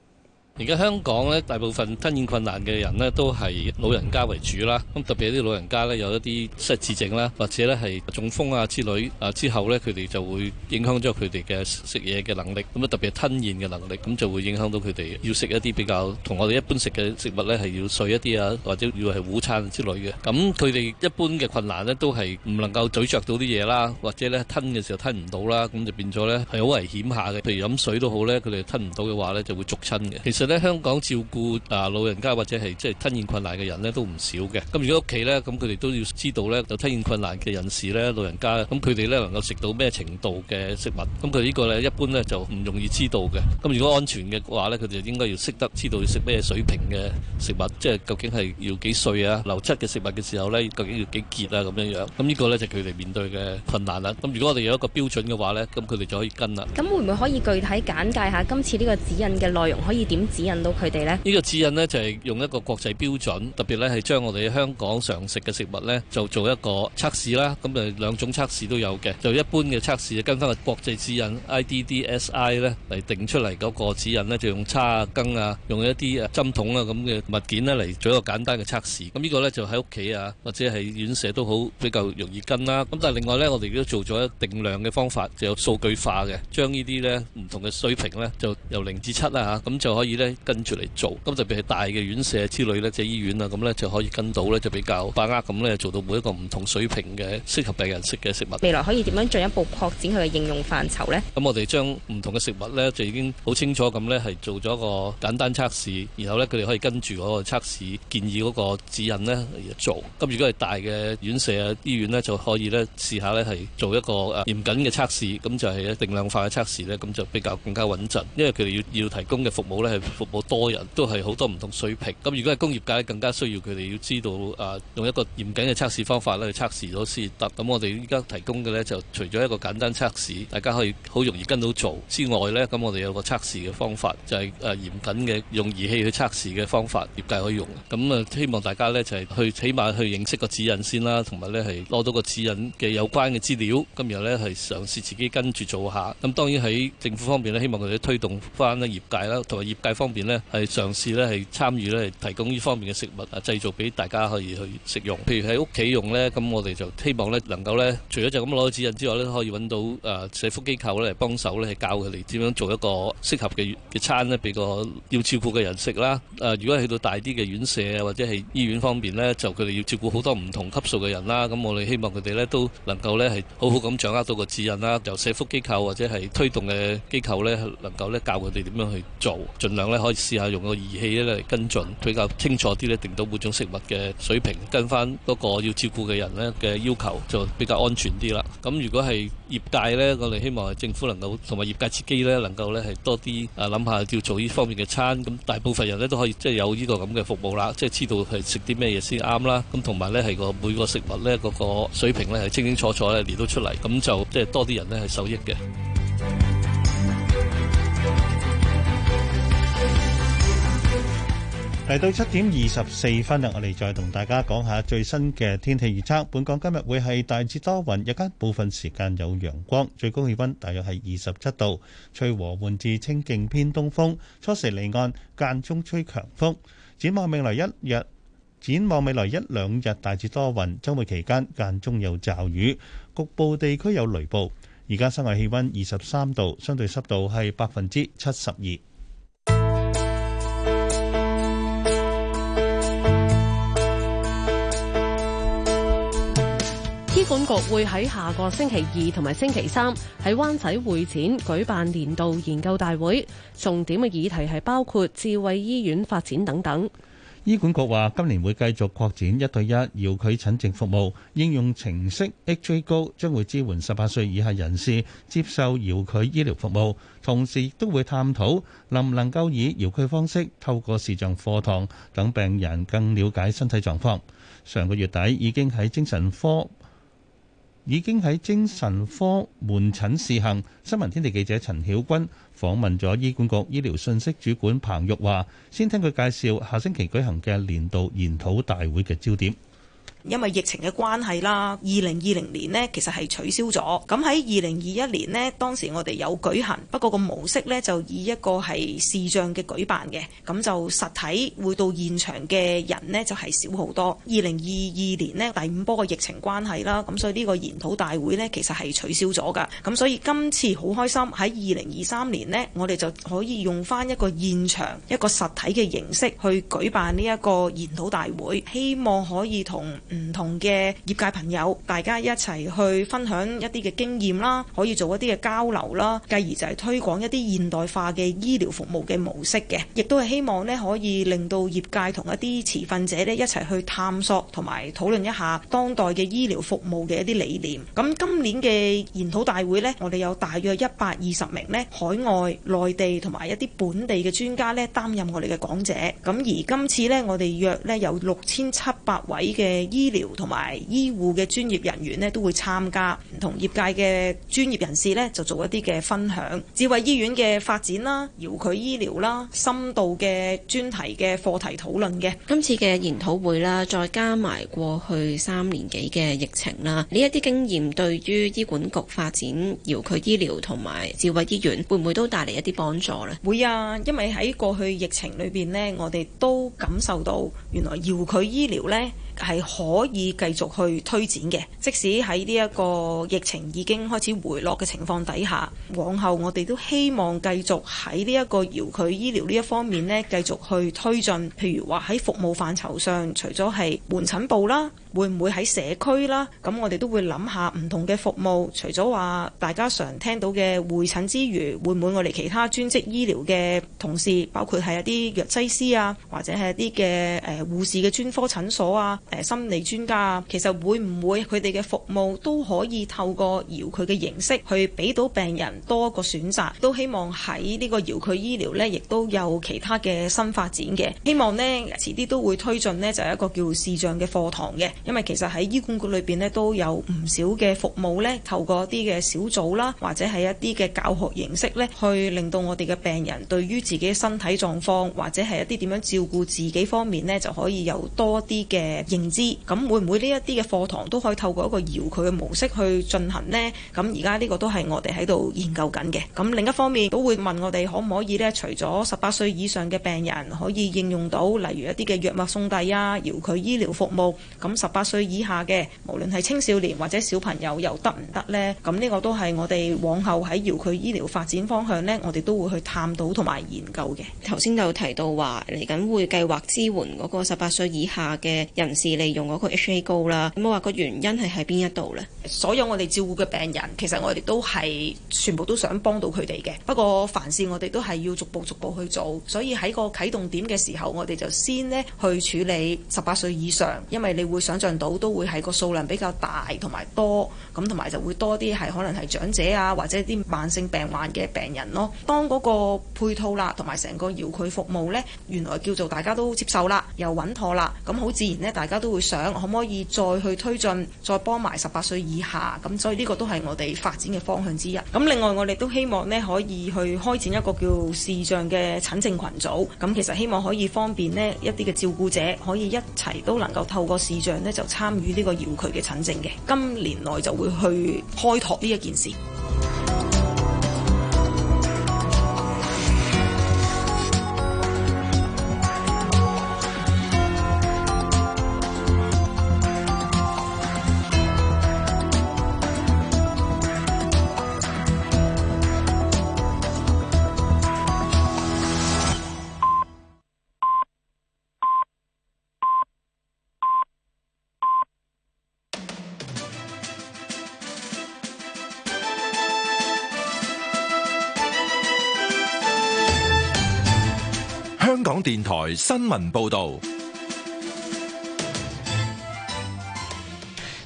S15: 而家香港咧，大部分吞嚥困難嘅人咧，都係老人家為主啦。咁特別係啲老人家咧，有一啲失智症啦，或者咧係中風啊之類啊，之後咧佢哋就會影響咗佢哋嘅食嘢嘅能力。咁啊，特別係吞嚥嘅能力，咁就會影響到佢哋要食一啲比較同我哋一般食嘅食物咧，係要碎一啲啊，或者要係午餐之類嘅。咁佢哋一般嘅困難咧，都係唔能夠咀嚼到啲嘢啦，或者咧吞嘅時候吞唔到啦，咁就變咗咧係好危險下嘅。譬如飲水都好咧，佢哋吞唔到嘅話咧，就會捉親嘅。其實。香港照顧啊老人家或者係即係吞咽困難嘅人呢，都唔少嘅。咁如果屋企呢，咁佢哋都要知道呢，就吞咽困難嘅人士呢，老人家咁佢哋呢能夠食到咩程度嘅食物？咁佢呢個呢，一般呢就唔容易知道嘅。咁如果安全嘅話呢，佢哋應該要識得知道要食咩水平嘅食物，即係究竟係要幾碎啊、流質嘅食物嘅時候呢，究竟要幾結啊咁樣樣。咁呢個呢，就佢哋面對嘅困難啦。咁如果我哋有一個標準嘅話呢，咁佢哋就可以跟啦。咁
S11: 會唔會可以具體簡介下今次呢個指引嘅內容可以點？指引到佢哋咧？呢
S15: 個指引咧就係用一個國際標準，特別咧係將我哋香港常食嘅食物咧就做一個測試啦。咁誒兩種測試都有嘅，就一般嘅測試就跟翻個國際指引 I D D S I 咧嚟定出嚟嗰個指引咧就用叉啊、羹啊，用一啲啊針筒啊咁嘅物件咧嚟做一個簡單嘅測試。咁呢個咧就喺屋企啊，或者係院舍都好比較容易跟啦。咁但係另外咧，我哋都做咗一個定量嘅方法，就有數據化嘅，將呢啲咧唔同嘅水平咧就由零至七啦嚇，咁就可以咧。跟住嚟做，咁就譬如大嘅院舍之類呢，即係醫院啊，咁呢就可以跟到呢，就比較把握咁呢，做到每一個唔同水平嘅適合病人食嘅食物。未
S11: 來可以點樣進一步擴展佢嘅應用範疇呢？
S15: 咁我哋將唔同嘅食物呢，就已經好清楚咁呢，係做咗個簡單測試，然後呢，佢哋可以跟住嗰個測試建議嗰個指引嚟做。咁如果係大嘅院舍啊、醫院呢，就可以呢，試下呢，係做一個嚴謹嘅測試，咁就係定量化嘅測試呢，咁就比較更加穩陣，因為佢哋要要提供嘅服務呢。係。服務多人都係好多唔同水平，咁如果係工業界咧，更加需要佢哋要知道，誒、啊、用一個嚴謹嘅測試方法咧去測試咗先得。咁我哋依家提供嘅呢，就除咗一個簡單測試，大家可以好容易跟到做之外呢。咁我哋有個測試嘅方法，就係、是、誒、啊、嚴謹嘅用儀器去測試嘅方法，業界可以用。咁啊，希望大家呢，就係、是、去起碼去認識個指引先啦，同埋呢係攞到個指引嘅有關嘅資料，今日呢，係嘗試自己跟住做下。咁當然喺政府方面呢，希望佢哋推動翻咧業界啦，同埋業界方，方面咧，係嘗試咧，係參與咧，係提供呢方面嘅食物啊，製造俾大家可以去食用。譬如喺屋企用咧，咁我哋就希望咧能夠咧，除咗就咁攞個指引之外咧，可以揾到誒社福機構咧嚟幫手咧，係教佢哋點樣做一個適合嘅嘅餐咧，俾個要照顧嘅人食啦。誒，如果去到大啲嘅院舍啊，或者係醫院方面咧，就佢哋要照顧好多唔同級數嘅人啦。咁我哋希望佢哋咧都能夠咧係好好咁掌握到個指引啦，由社福機構或者係推動嘅機構咧，能夠咧教佢哋點樣去做，儘量咧。可以試下用個儀器咧嚟跟進，比較清楚啲咧，定到每種食物嘅水平，跟翻嗰個要照顧嘅人咧嘅要求，就比較安全啲啦。咁如果係業界呢，我哋希望係政府能夠同埋業界自己呢，能夠呢係多啲啊諗下要做呢方面嘅餐。咁大部分人呢都可以即係有呢個咁嘅服務啦，即係知道係食啲咩嘢先啱啦。咁同埋呢係個每個食物呢，嗰個水平呢係清清楚楚列到出嚟，咁就即係多啲人呢係受益嘅。
S4: 嚟到七點二十四分啦，我哋再同大家講下最新嘅天氣預測。本港今日會係大致多雲，日間部分時間有陽光，最高氣溫大約係二十七度，吹和緩至清勁偏東風，初時離岸，間中吹強風。展望未來一日，展望未來一兩日大致多雲，週末期間，間間中有驟雨，局部地區有雷暴。而家室外氣溫二十三度，相對濕度係百分之七十二。
S3: 醫管局會喺下個星期二同埋星期三喺灣仔會展舉辦年度研究大會，重點嘅議題係包括智慧醫院發展等等。
S4: 醫管局話，今年會繼續擴展一對一遙距診症服務，應用程式 HA Go 將會支援十八歲以下人士接受遙距醫療服務，同時亦都會探討能唔能夠以遙距方式透過視像課堂等病人更了解身體狀況。上個月底已經喺精神科已經喺精神科門診試行。新聞天地記者陳曉君訪問咗醫管局醫療信息主管彭玉華，先聽佢介紹下星期舉行嘅年度研討大會嘅焦點。
S16: 因為疫情嘅關係啦，二零二零年呢其實係取消咗。咁喺二零二一年呢，當時我哋有舉行，不過個模式呢就以一個係視像嘅舉辦嘅，咁就實體會到現場嘅人呢，就係少好多。二零二二年呢，第五波嘅疫情關係啦，咁所以呢個研討大會呢，其實係取消咗㗎。咁所以今次好開心喺二零二三年呢，我哋就可以用返一個現場一個實體嘅形式去舉辦呢一個研討大會，希望可以同唔同嘅業界朋友，大家一齊去分享一啲嘅經驗啦，可以做一啲嘅交流啦，繼而就係推廣一啲現代化嘅醫療服務嘅模式嘅，亦都係希望呢可以令到業界同一啲持份者呢一齊去探索同埋討論一下當代嘅醫療服務嘅一啲理念。咁今年嘅研討大會呢，我哋有大約一百二十名呢海外、內地同埋一啲本地嘅專家呢擔任我哋嘅講者。咁而今次呢，我哋約呢有六千七百位嘅醫醫療同埋醫護嘅專業人員咧，都會參加唔同業界嘅專業人士咧，就做一啲嘅分享。智慧醫院嘅發展啦，遙距醫療啦，深度嘅專題嘅課題
S8: 討論嘅。今次嘅研討會啦，再加埋過去三年幾嘅疫情啦，呢一啲經驗對於醫管局發展遙距醫療同埋智慧醫院，
S16: 會唔會都帶嚟一啲幫助咧？會啊，因為喺過去疫情裏邊咧，我哋都感受到原來遙距醫療咧。係可以繼續去推展嘅，即使喺呢一個疫情已經開始回落嘅情況底下，往後我哋都希望繼續喺呢一個遙距醫療呢一方面呢繼續去推進。譬如話喺服務範疇上，除咗係門診部啦。會唔會喺社區啦？咁我哋都會諗下唔同嘅服務。除咗話大家常聽到嘅會診之餘，會唔會我哋其他專職醫療嘅同事，包括係一啲藥劑師啊，或者係一啲嘅誒護士嘅專科診所啊、誒心理專家啊，其實會唔會佢哋嘅服務都可以透過遙距嘅形式去俾到病人多一個選擇？都希望喺呢個遙距醫療呢，亦都有其他嘅新發展嘅。希望呢，遲啲都會推進呢，就係一個叫視像嘅課堂嘅。因為其實喺醫管局裏面呢，都有唔少嘅服務呢，透過一啲嘅小組啦，或者係一啲嘅教學形式呢，去令到我哋嘅病人對於自己身體狀況或者係一啲點樣照顧自己方面呢，就可以有多啲嘅認知。咁會唔會呢一啲嘅課堂都可以透過一個遙距嘅模式去進行呢？咁而家呢個都係我哋喺度研究緊嘅。咁另一方面都會問我哋可唔可以呢？除咗十八歲以上嘅病人可以應用到，例如一啲嘅藥物送遞啊、遙距醫療服務，咁十八歲以下嘅，無論係青少年或者小朋友，又得唔得咧？咁呢個都係我哋往後喺遙距醫療發展方向咧，我哋都會去探討同埋研究嘅。頭先就提到話嚟緊會計劃支
S8: 援嗰個十八歲以下嘅人士利用嗰個 HA 高啦。咁我話個原因係喺邊一
S16: 度咧？所有我哋照顧嘅病人，其實我哋都係全部都想幫到佢哋嘅。不過凡事我哋都係要逐步逐步去做，所以喺個啟動點嘅時候，我哋就先咧去處理十八歲以上，因為你會想。都會係個數量比較大同埋多咁，同埋就會多啲係可能係長者啊，或者啲慢性病患嘅病人咯。當嗰個配套啦，同埋成個遙距服務呢，原來叫做大家都接受啦，又穩妥啦，咁好自然呢，大家都會想可唔可以再去推進，再幫埋十八歲以下咁，所以呢個都係我哋發展嘅方向之一。咁另外，我哋都希望呢，可以去開展一個叫視像嘅診症群組。咁其實希望可以方便呢一啲嘅照顧者，可以一齊都能夠透過視像。咧就參與呢個遙距嘅診症嘅，今年內就會去開拓呢一件事。
S1: 電台新聞報道，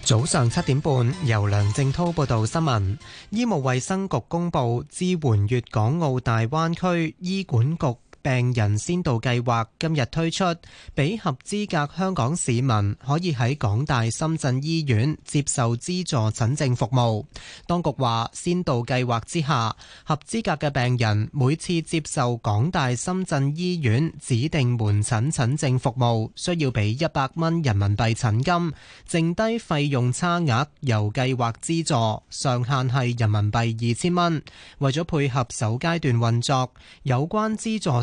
S2: 早上七點半，由梁正濤報道新聞，醫務衛生局公布，支援粵港澳大灣區醫管局。病人先導計劃今日推出，俾合資格香港市民可以喺港大深圳醫院接受資助診症服務。當局話，先導計劃之下，合資格嘅病人每次接受港大深圳醫院指定門診診症服務，需要俾一百蚊人民幣診金，剩低費用差額由計劃資助，上限係人民幣二千蚊。為咗配合首階段運作，有關資助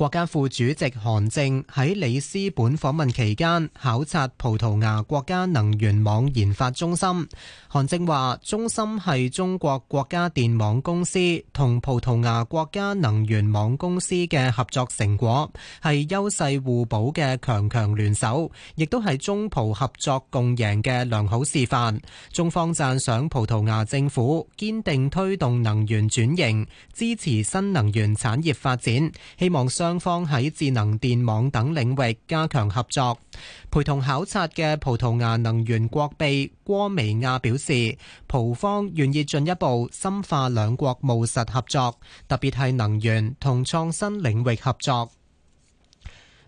S2: 國家副主席韓正喺里斯本訪問期間考察葡萄牙國家能源網研發中心。韓正話：中心係中國國家電網公司同葡萄牙國家能源網公司嘅合作成果，係優勢互補嘅強強聯手，亦都係中葡合作共贏嘅良好示範。中方讚賞葡萄牙政府堅定推動能源轉型，支持新能源產業發展，希望相雙方喺智能電網等領域加強合作。陪同考察嘅葡萄牙能源國秘郭梅亞表示，葡方願意進一步深化兩國務實合作，特別係能源同創新領域合作。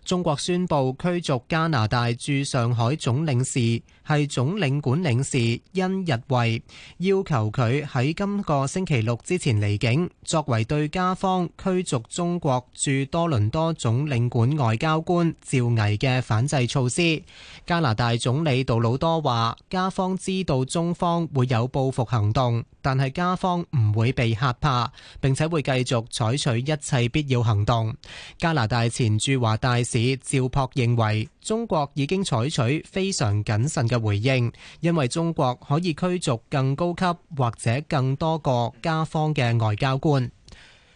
S2: 中國宣布驅逐加拿大駐上海總領事。係總領館領事因日惠要求佢喺今個星期六之前離境，作為對加方驅逐中國駐多倫多總領館外交官趙巍嘅反制措施。加拿大總理杜魯多話：加方知道中方會有報復行動，但係加方唔會被嚇怕，並且會繼續採取一切必要行動。加拿大前駐華大使趙樸認為，中國已經採取非常謹慎，嘅回應，因為中國可以驅逐更高級或者更多個家方嘅外交官。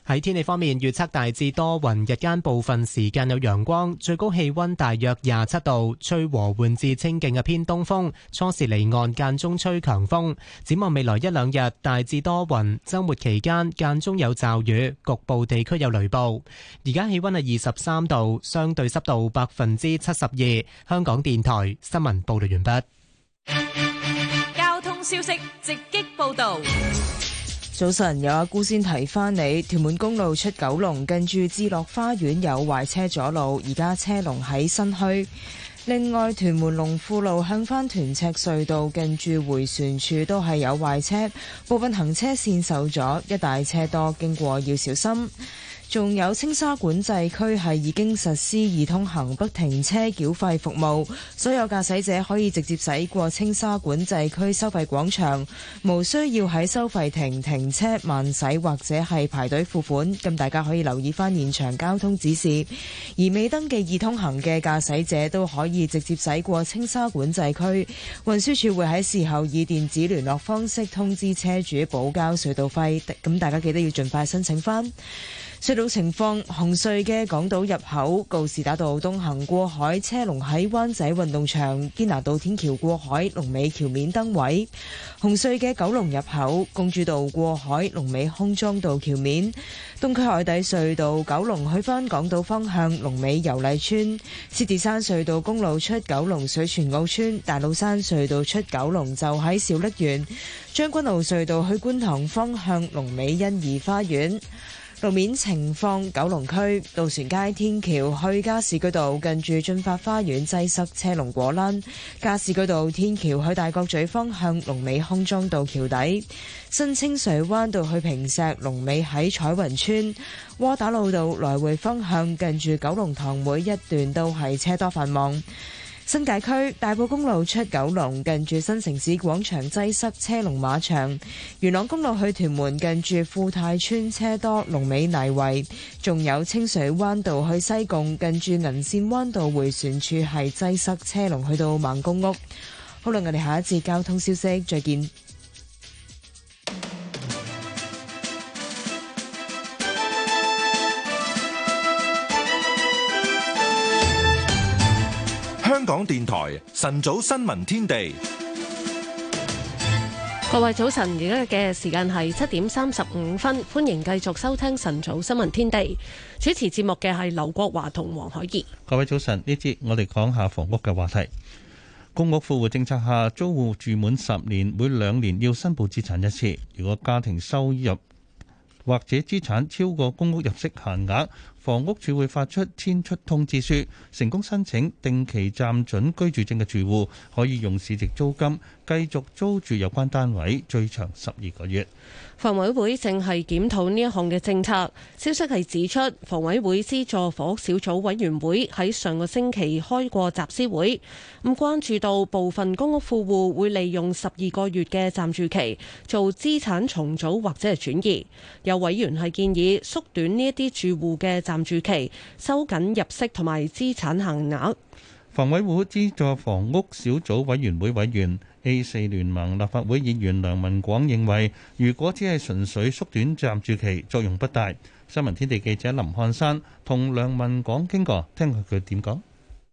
S2: 喺天氣方面，預測大致多雲，日間部分時間有陽光，最高氣温大約廿七度，吹和緩至清勁嘅偏東風，初時離岸間中吹強風。展望未來一兩日，大致多雲，周末期間間中有驟雨，局部地區有雷暴。而家氣溫係二十三度，相對濕度百分之七十二。香港電台新聞報道完畢。
S11: 交通消息直擊報道。
S12: 早晨，有阿姑先提翻你，屯門公路出九龍，近住智樂花園有壞車阻路，而家車龍喺新墟。另外，屯門龍富路向返屯赤隧道，近住回旋處都係有壞車，部分行車線受阻，一大車多，經過要小心。仲有青沙管制區係已經實施易通行不停車繳費服務，所有駕駛者可以直接駛過青沙管制區收費廣場，無需要喺收費亭停車慢駛或者係排隊付款。咁大家可以留意翻現場交通指示，而未登記易通行嘅駕駛者都可以直接駛過青沙管制區。運輸署會喺事後以電子聯絡方式通知車主補交隧道費，咁大家記得要盡快申請翻。隧道情況，紅隧嘅港島入口告士打道東行過海，車龍喺灣仔運動場；堅拿道天橋過海，龍尾橋面燈位。紅隧嘅九龍入口公主道過海，龍尾空莊道康莊道橋面；東區海底隧道九龍去返港島方向，龍尾油麗村；獅子山隧道公路出九龍水泉澳村；大老山隧道出九龍就喺小瀝源；將軍澳隧道去觀塘方向，龍尾欣怡花園。路面情況：九龍區渡船街天橋去加士居道，近住駿發花園擠塞車龍果欄；加士居道天橋去大角咀方向，龍尾康莊道橋底；新清水灣道去坪石，龍尾喺彩雲村；窩打老道來回方向，近住九龍塘每一段都係車多繁忙。新界區大埔公路出九龍，近住新城市廣場擠塞車龍馬場；元朗公路去屯門，近住富泰村車多龍尾泥圍；仲有清水灣道去西貢，近住銀線灣道迴旋處係擠塞車龍去到孟公屋。好啦，我哋下一節交通消息再見。
S1: 電台晨早新聞天地，
S3: 各位早晨，而家嘅時間係七點三十五分，歡迎繼續收聽晨早新聞天地。主持節目嘅係劉國華同黃海怡。
S4: 各位早晨，呢節我哋講下房屋嘅話題。公屋富戶政策下，租戶住滿十年，每兩年要申報資產一次。如果家庭收入，或者資產超過公屋入息限額，房屋署會發出遷出通知書。成功申請定期暫準居住證嘅住戶，可以用市值租金繼續租住有關單位，最長十二個月。
S3: 房委會正係檢討呢一項嘅政策，消息係指出，房委會資助房屋小組委員會喺上個星期開過集思會，咁關注到部分公屋富戶會利用十二個月嘅暫住期做資產重組或者係轉移，有委員係建議縮短呢一啲住戶嘅暫住期，收緊入息同埋資產限額。
S4: 房委會資助房屋小組委員會委員。A 四聯盟立法會議員梁文廣認為，如果只係純粹縮短暫住期作用不大，新聞天地記者林漢山同梁文廣傾過，聽佢點講。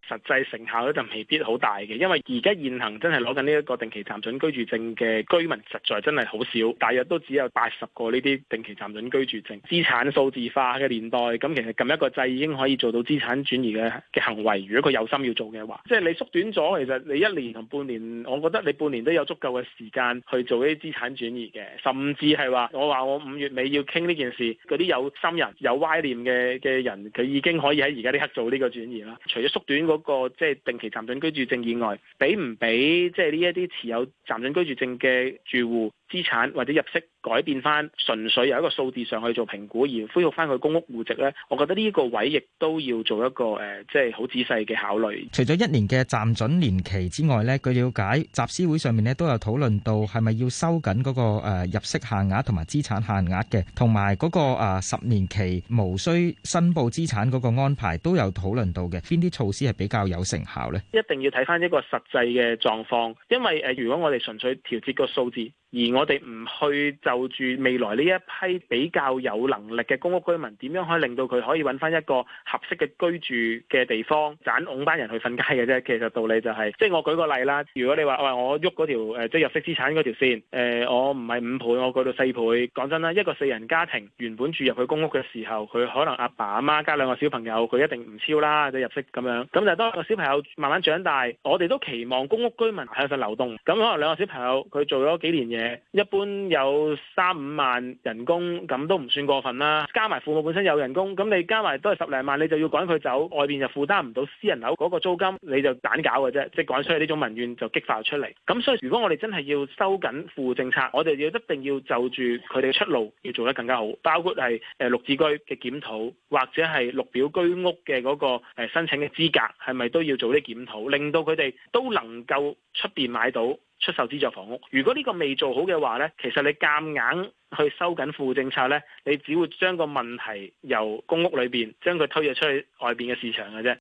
S10: 實際成效咧就未必好大嘅，因為而家現行真係攞緊呢一個定期暫准居住證嘅居民，實在真係好少，大約都只有八十個呢啲定期暫准居住證。資產數字化嘅年代，咁其實撳一個掣已經可以做到資產轉移嘅嘅行為。如果佢有心要做嘅話，即係你縮短咗，其實你一年同半年，我覺得你半年都有足夠嘅時間去做呢啲資產轉移嘅，甚至係話我話我五月尾要傾呢件事，嗰啲有心人、有歪念嘅嘅人，佢已經可以喺而家呢刻做呢個轉移啦。除咗縮短嗰個即係定期暫准居住證以外，俾唔俾即係呢一啲持有暫准居住證嘅住戶，資產或者入息改變翻，純粹由一個數字上去做評估而恢復翻佢公屋戶籍呢，我覺得呢個位亦都要做一個誒、呃，即係好仔細嘅考慮。
S2: 除咗一年嘅暫准年期之外呢，據了解，集思會上面呢都有討論到係咪要收緊嗰個誒入息限額同埋資產限額嘅，同埋嗰個十年期無需申報資產嗰個安排都有討論到嘅。邊啲措施係比較有成效呢？
S10: 一定要睇翻一個實際嘅狀況，因為誒如果我哋純粹調節個數字。而我哋唔去就住未來呢一批比較有能力嘅公屋居民點樣可以令到佢可以揾翻一個合適嘅居住嘅地方，盞五班人去瞓街嘅啫。其實道理就係、是，即係我舉個例啦。如果你話話、哎、我喐嗰條即係入息資產嗰條線，誒、呃、我唔係五倍，我改到四倍。講真啦，一個四人家庭原本住入去公屋嘅時候，佢可能阿爸阿媽加兩個小朋友，佢一定唔超啦，即係入息咁樣，咁就當個小朋友慢慢長大，我哋都期望公屋居民向上流動，咁可能兩個小朋友佢做咗幾年嘢。一般有三五萬人工咁都唔算過分啦，加埋父母本身有人工，咁你加埋都係十零萬，你就要趕佢走，外面就負擔唔到私人樓嗰個租金，你就盞搞嘅啫，即係趕出去呢種民怨就激發出嚟。咁所以如果我哋真係要收緊富戶政策，我哋要一定要就住佢哋嘅出路要做得更加好，包括係綠置居嘅檢討，或者係綠表居屋嘅嗰個申請嘅資格係咪都要做啲檢討，令到佢哋都能夠出面買到。出售資助房屋，如果呢個未做好嘅話呢，其實你夾硬，硬去收緊負政策呢，你只會將個問題由公屋裏邊將佢推出去外邊嘅市場嘅啫。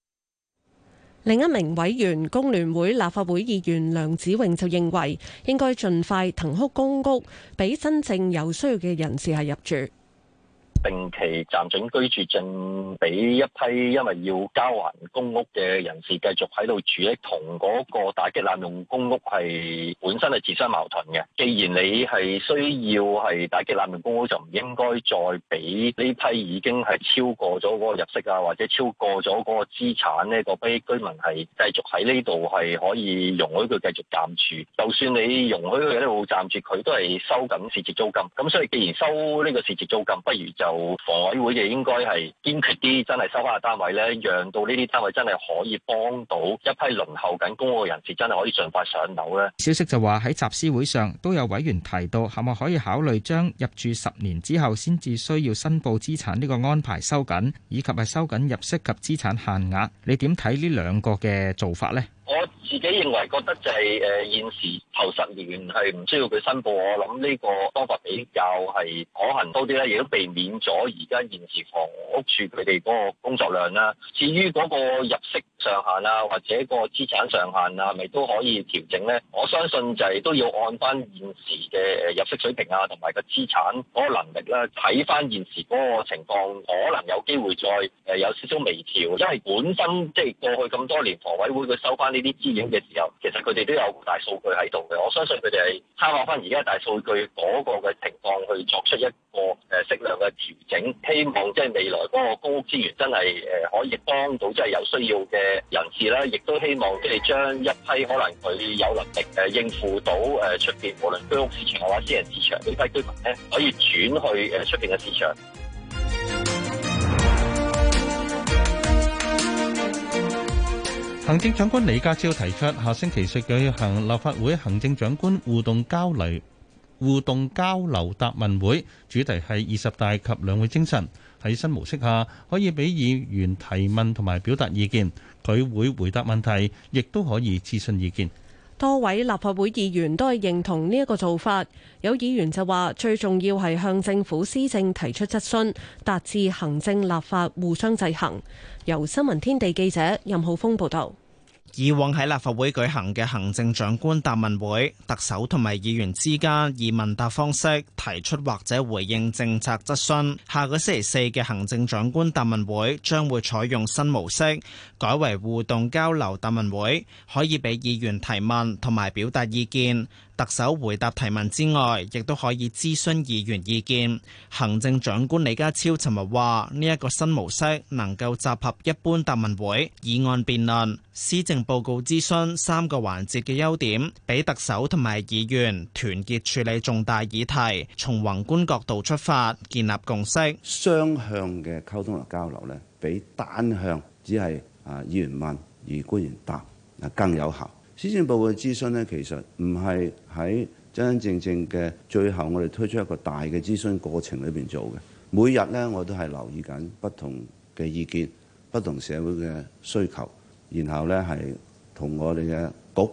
S3: 另一名委員工聯會立法會議員梁子穎就認為，應該盡快騰出公屋，俾真正有需要嘅人士係入住。
S5: 定期暫准居住證俾一批因為要交還公屋嘅人士繼續喺度住，呢同嗰個打擊濫用公屋係本身係自相矛盾嘅。既然你係需要係打擊濫用公屋，就唔應該再俾呢批已經係超過咗嗰個入息啊，或者超過咗嗰個資產呢批居民係繼續喺呢度係可以容許佢繼續暫住。就算你容許佢喺度暫住，佢都係收緊市值租金。咁所以，既然收呢個市值租金，不如就房委會亦應該係堅決啲，真係收翻個單位呢。讓到呢啲單位真係可以幫到一批輪候緊公屋人士，真係可以盡快上
S2: 樓呢。消息就話喺集思會上，都有委員提到，係咪可以考慮將入住十年之後先至需要申報資產呢個安排收緊，以及係收緊入息及資產，及資產限額？你點睇呢兩個嘅做法呢？
S5: 我自己認為覺得就係誒現時頭十年係唔需要佢申報，我諗呢個方法比較係可行多啲啦，亦都避免咗而家現時房屋處佢哋嗰個工作量啦。至於嗰個入息上限啊，或者個資產上限啊，係咪都可以調整咧？我相信就係都要按翻現時嘅誒入息水平啊，同埋個資產嗰個能力啦。睇翻現時嗰個情況，可能有機會再誒有少少微調，因為本身即係過去咁多年房委會佢收翻。呢啲資源嘅時候，其實佢哋都有大數據喺度嘅。我相信佢哋係參考返而家大數據嗰個嘅情況，去作出一個誒適量嘅調整。希望即係未來嗰個公屋資源真係誒可以幫到即係有需要嘅人士啦，亦都希望即係將一批可能佢有能力誒應付到誒出面，無論居屋市場或者私人市場呢批居民咧，可以轉去誒出面嘅市場。
S4: 行政長官李家超提出，下星期四舉行立法會行政長官互動交流互動交流答問會，主題係二十大及兩會精神。喺新模式下，可以俾議員提問同埋表達意見，佢會回答問題，亦都可以諮詢意見。多
S3: 位立法會議員都係認同呢一個做法，有議員就話：最重要係向政府施政提出質詢，達至行政立法互相制衡。由新聞天地記者任浩峰報道。
S17: 以往喺立法會舉行嘅行政長官答問會，特首同埋議員之間以問答方式提出或者回應政策質詢。下個星期四嘅行政長官答問會將會採用新模式，改為互動交流答問會，可以俾議員提問同埋表達意見。特首回答提問之外，亦都可以諮詢議員意見。行政長官李家超尋日話呢一個新模式能夠集合一般答問會、議案辯論、施政報告諮詢三個環節嘅優點，俾特首同埋議員團結處理重大議題，從宏觀角度出發建立共識，雙向嘅溝通同交流咧，比單向
S4: 只係啊議員問與官員答啊更有效。之前會的諮詢部嘅諮詢咧，其實唔係喺真真正正嘅最後，我哋推出一個大嘅諮詢過程裏邊做嘅。每日咧，我都係留意緊不同嘅意見、不同社會嘅需求，然後咧係同我哋嘅局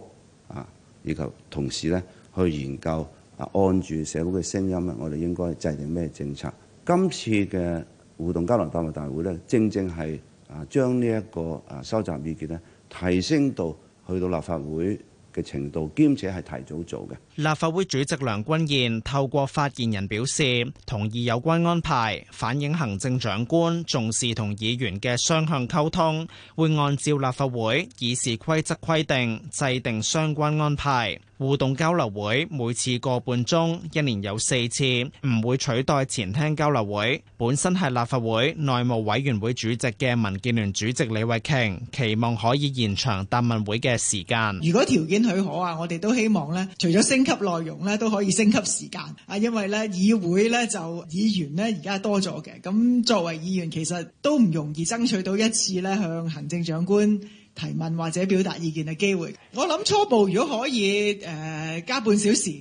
S4: 啊，以及同時咧去研究啊，按住社會嘅聲音啊，我哋應該制定咩政策。今次嘅互動交流答問大會咧，正正係啊，將呢一個啊收集意見咧提升到。去到立法會嘅程度，兼且係提早做嘅。
S17: 立法會主席梁君彥透過發言人表示，同意有關安排，反映行政長官重視同議員嘅雙向溝通，會按照立法會議事規則規定制定相關安排。互動交流會每次過半鐘，一年有四次，唔會取代前廳交流會。本身係立法會內務委員會主席嘅民建聯主席李慧瓊，期望可以延長答問會嘅時間。如
S2: 果條件許可啊，我哋都希望咧，除咗升升級內容咧都可以升級時間啊，因為咧議會咧就議員咧而家多咗嘅，咁作為議員其實都唔容易爭取到一次咧向行政長官提問或者表達意見嘅機會。我諗初步如果可以誒、呃、加半小時，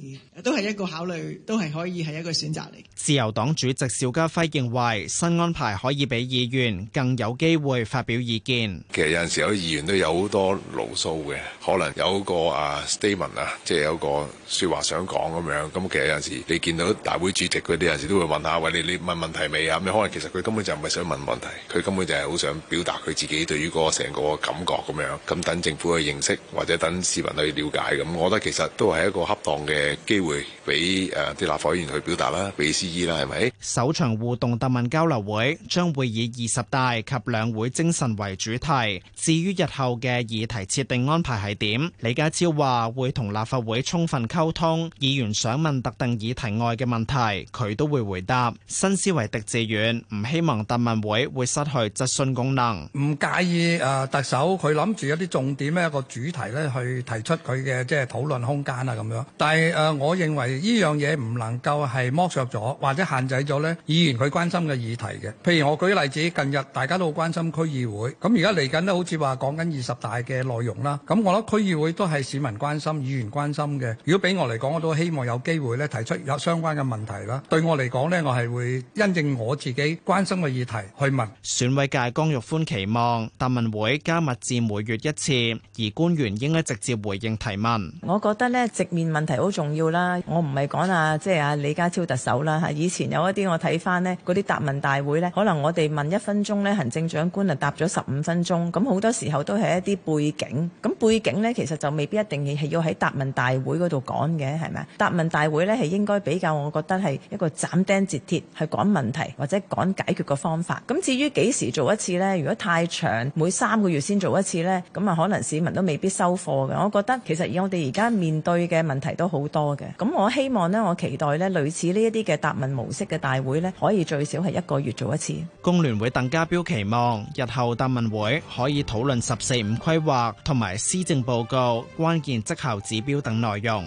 S2: 都係一個考慮，都係可以係一個選擇嚟。
S17: 自由黨主席邵家輝認為新安排可以俾議員更有機會發表意
S1: 見。其實有陣時有議員都有好多牢騷嘅，可能有個啊 statement 啊，即係有個。說話想講咁樣，咁其實有陣時你見到大會主席嗰啲有陣時都會問下，喂你你問問題未啊？咁可能其實佢根本就唔係想問問題，佢根本就係好想表達佢自己對於嗰個成個感覺咁樣，咁等政府去認識或者等市民去了解咁。我覺得其實都係一個恰當嘅機會俾誒啲立法會議員去表達啦，俾 CE 啦，係咪？
S17: 首場互動答問交流會將會以二十大及兩會精神為主題，至於日後嘅議題設定安排係點，李家超話會同立法會充分溝溝通，議員想問特定議題外嘅問題，佢都會回答。新思維，狄志遠唔希望答問會會失去質詢功能，唔介
S14: 意誒、呃，特首佢諗住一啲重點嘅一個主題咧去提出佢嘅即係討論空間啊，咁樣。但係誒、呃，我認為呢樣嘢唔能夠係剝削咗或者限制咗咧，議員佢關心嘅議題嘅。譬如我舉例子，近日大家都好關心區議會，咁而家嚟緊咧好似話講緊二十大嘅內容啦，咁我覺得區議會都係市民關心、議員關心嘅。如果俾我嚟講，我都希望有機會咧提出有相關嘅問題啦。對我嚟講咧，我係會因應我自己關心嘅議題去問。
S17: 選委界江玉歡期望答問會加密至每月一次，而官員應該直接回應提問。我覺
S12: 得咧，直面問題好重要啦。我唔係講啊，即係啊李家超特首啦嚇。以前有一啲我睇翻咧，嗰啲答問大會咧，可能我哋問一分鐘咧，行政長官就答咗十五分鐘。咁好多時候都係一啲背景。咁背景咧，其實就未必一定要係要喺答問大會嗰度講。講嘅係咪答問大會咧？係應該比較，我覺得係一個斬釘截鐵去講問題或者講解決個方法。咁至於幾時做一次呢？如果太長，每三個月先做一次呢，咁啊，可能市民都未必收貨嘅。我覺得其實以我哋而家面對嘅問題都好多嘅。咁我希望呢，我期待呢類似呢一啲嘅答問模式嘅大會呢，可以最少係一個月做一次。
S17: 工聯會鄧家彪期望日後答問會可以討論十四五規劃同埋施政報告關鍵績效指標等
S4: 內容。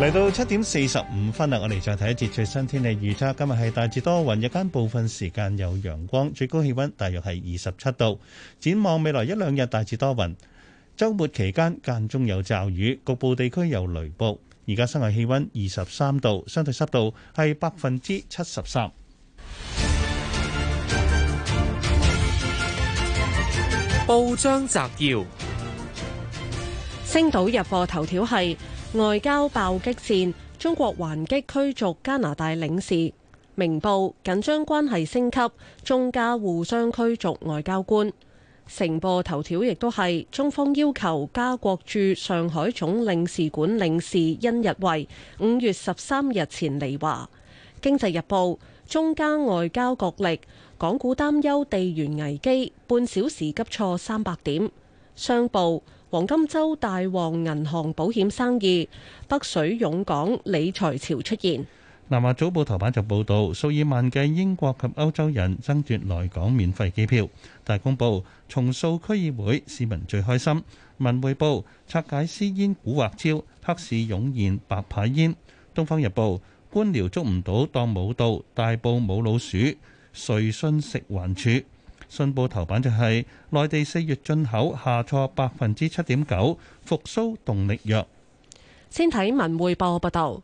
S4: 嚟到七點四十五分啦，我哋再睇一節最新天氣預測。今日係大致多雲，日間部分時間有陽光，最高氣溫大約係二十七度。展望未來一兩日大致多雲，周末期間間中有驟雨，局部地區有雷暴。而家室外氣溫二十三度，相對濕度係百分之七十三。
S3: 報章摘要：星島日報頭條係外交爆擊戰，中國還擊驅逐加拿大領事。明報，緊張關係升級，中加互相驅逐外交官。成報頭條亦都係中方要求加國駐上海總領事館領事恩日慧五月十三日前離華。經濟日報，中加外交角力。港股擔憂地緣危機，半小時急挫三百點。商報：黃金週大旺銀行保險生意北水湧港，理財潮出現。
S4: 南華早報頭版就報導，數以萬計英國及歐洲人爭奪來港免費機票。大公報：重塑區議會市民最開心。文匯報：拆解私煙古惑招，黑市湧現白牌煙。東方日報：官僚捉唔到當冇到，大埔冇老鼠。瑞信食環署，信報頭版就係內地四月進口下挫百分之七點九，復蘇動力弱。
S3: 先睇文匯報報道，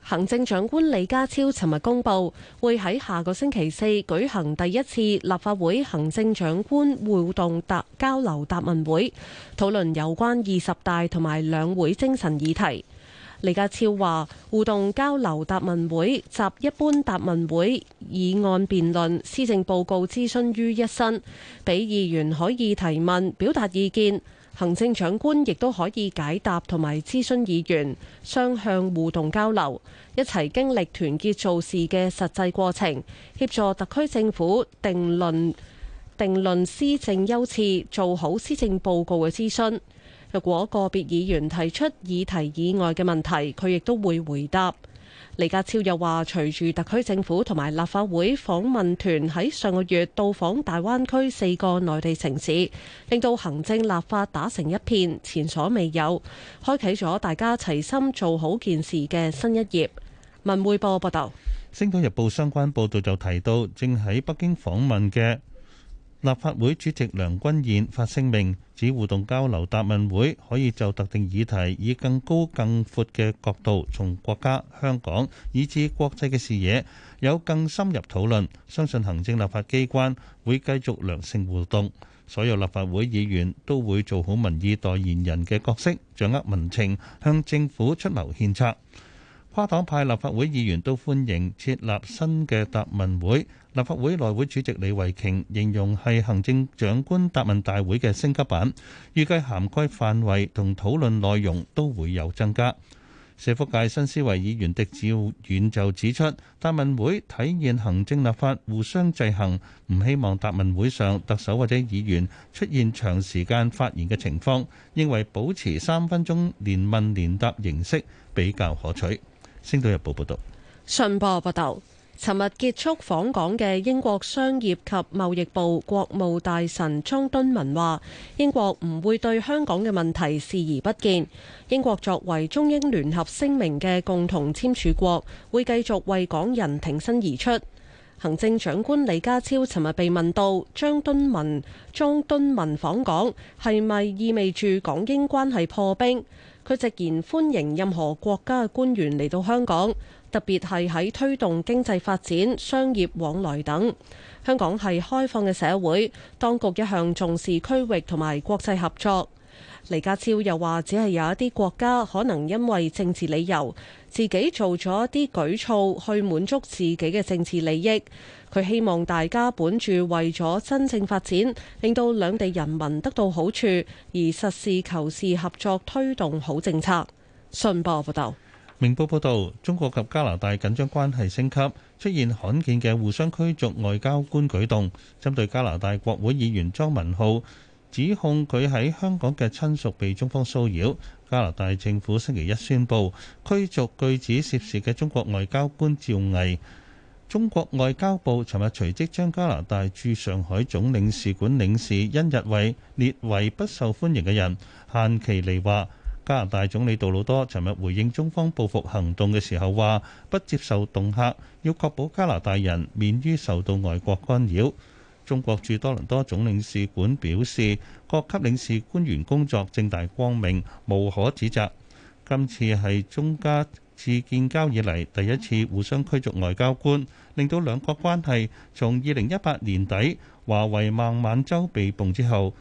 S3: 行政長官李家超尋日公布，會喺下個星期四舉行第一次立法會行政長官互動答交流答問會，討論有關二十大同埋兩會精神議題。李家超話：互動交流答問會集一般答問會、議案辯論、施政報告諮詢於一身，俾議員可以提問、表達意見，行政長官亦都可以解答同埋諮詢議員，雙向互動交流，一齊經歷團結做事嘅實際過程，協助特區政府定論定論施政優次，做好施政報告嘅諮詢。若果個別議員提出議題以外嘅問題，佢亦都會回答。李家超又話，隨住特區政府同埋立法會訪問團喺上個月到訪大灣區四個內地城市，令到行政立法打成一片，前所未有，開啟咗大家齊心做好件事嘅新一頁。文匯報報道，《
S4: 星島日報》相關報導就提到，正喺北京訪問嘅。立法會主席梁君彥發聲明指，互動交流答問會可以就特定議題以更高、更闊嘅角度，從國家、香港以至國際嘅視野有更深入討論。相信行政立法機關會繼續良性互動，所有立法會議員都會做好民意代言人嘅角色，掌握民情，向政府出謀獻策。跨黨派立法會議員都歡迎設立新嘅答問會。立法會內會主席李慧瓊形容係行政長官答問大會嘅升級版，預計涵蓋範圍同討論內容都會有增加。社福界新思維議員狄志遠就指出，答問會體現行政立法互相制衡，唔希望答問會上特首或者議員出現長時間發言嘅情況，認為保持三分鐘連問連答形式比較可取。星島日報報道，
S3: 信報報道，尋日結束訪港嘅英國商業及貿易部國務大臣莊敦文話，英國唔會對香港嘅問題視而不見。英國作為中英聯合聲明嘅共同簽署國，會繼續為港人挺身而出。行政長官李家超尋日被問到，莊敦文、莊敦文訪港係咪意味住港英關係破冰？佢直言歡迎任何國家嘅官員嚟到香港，特別係喺推動經濟發展、商業往來等。香港係開放嘅社會，當局一向重視區域同埋國際合作。李家超又話只係有一啲國家可能因為政治理由，自己做咗一啲舉措去滿足自己嘅政治利益。佢希望大家本住為咗真正發展，令到兩地人民得到好處，而實事求是合作推動好政策。信報報道，
S4: 明報報道，中國及加拿大緊張關係升級，出現罕見嘅互相驅逐外交官舉動。針對加拿大國會議員莊文浩指控佢喺香港嘅親屬被中方騷擾，加拿大政府星期一宣布驅逐據指涉事嘅中國外交官趙毅。中國外交部尋日隨即將加拿大駐上海總領事館領事因日偉列為不受歡迎嘅人，限期離華。加拿大總理杜魯多尋日回應中方報復行動嘅時候話：不接受恫嚇，要確保加拿大人免於受到外國干擾。中國駐多倫多總領事館表示，各級領事官員工作正大光明，無可指責。今次係中加自建交以嚟第一次互相驅逐外交官，令到兩國關係從二零一八年底華為孟晚舟被捕之後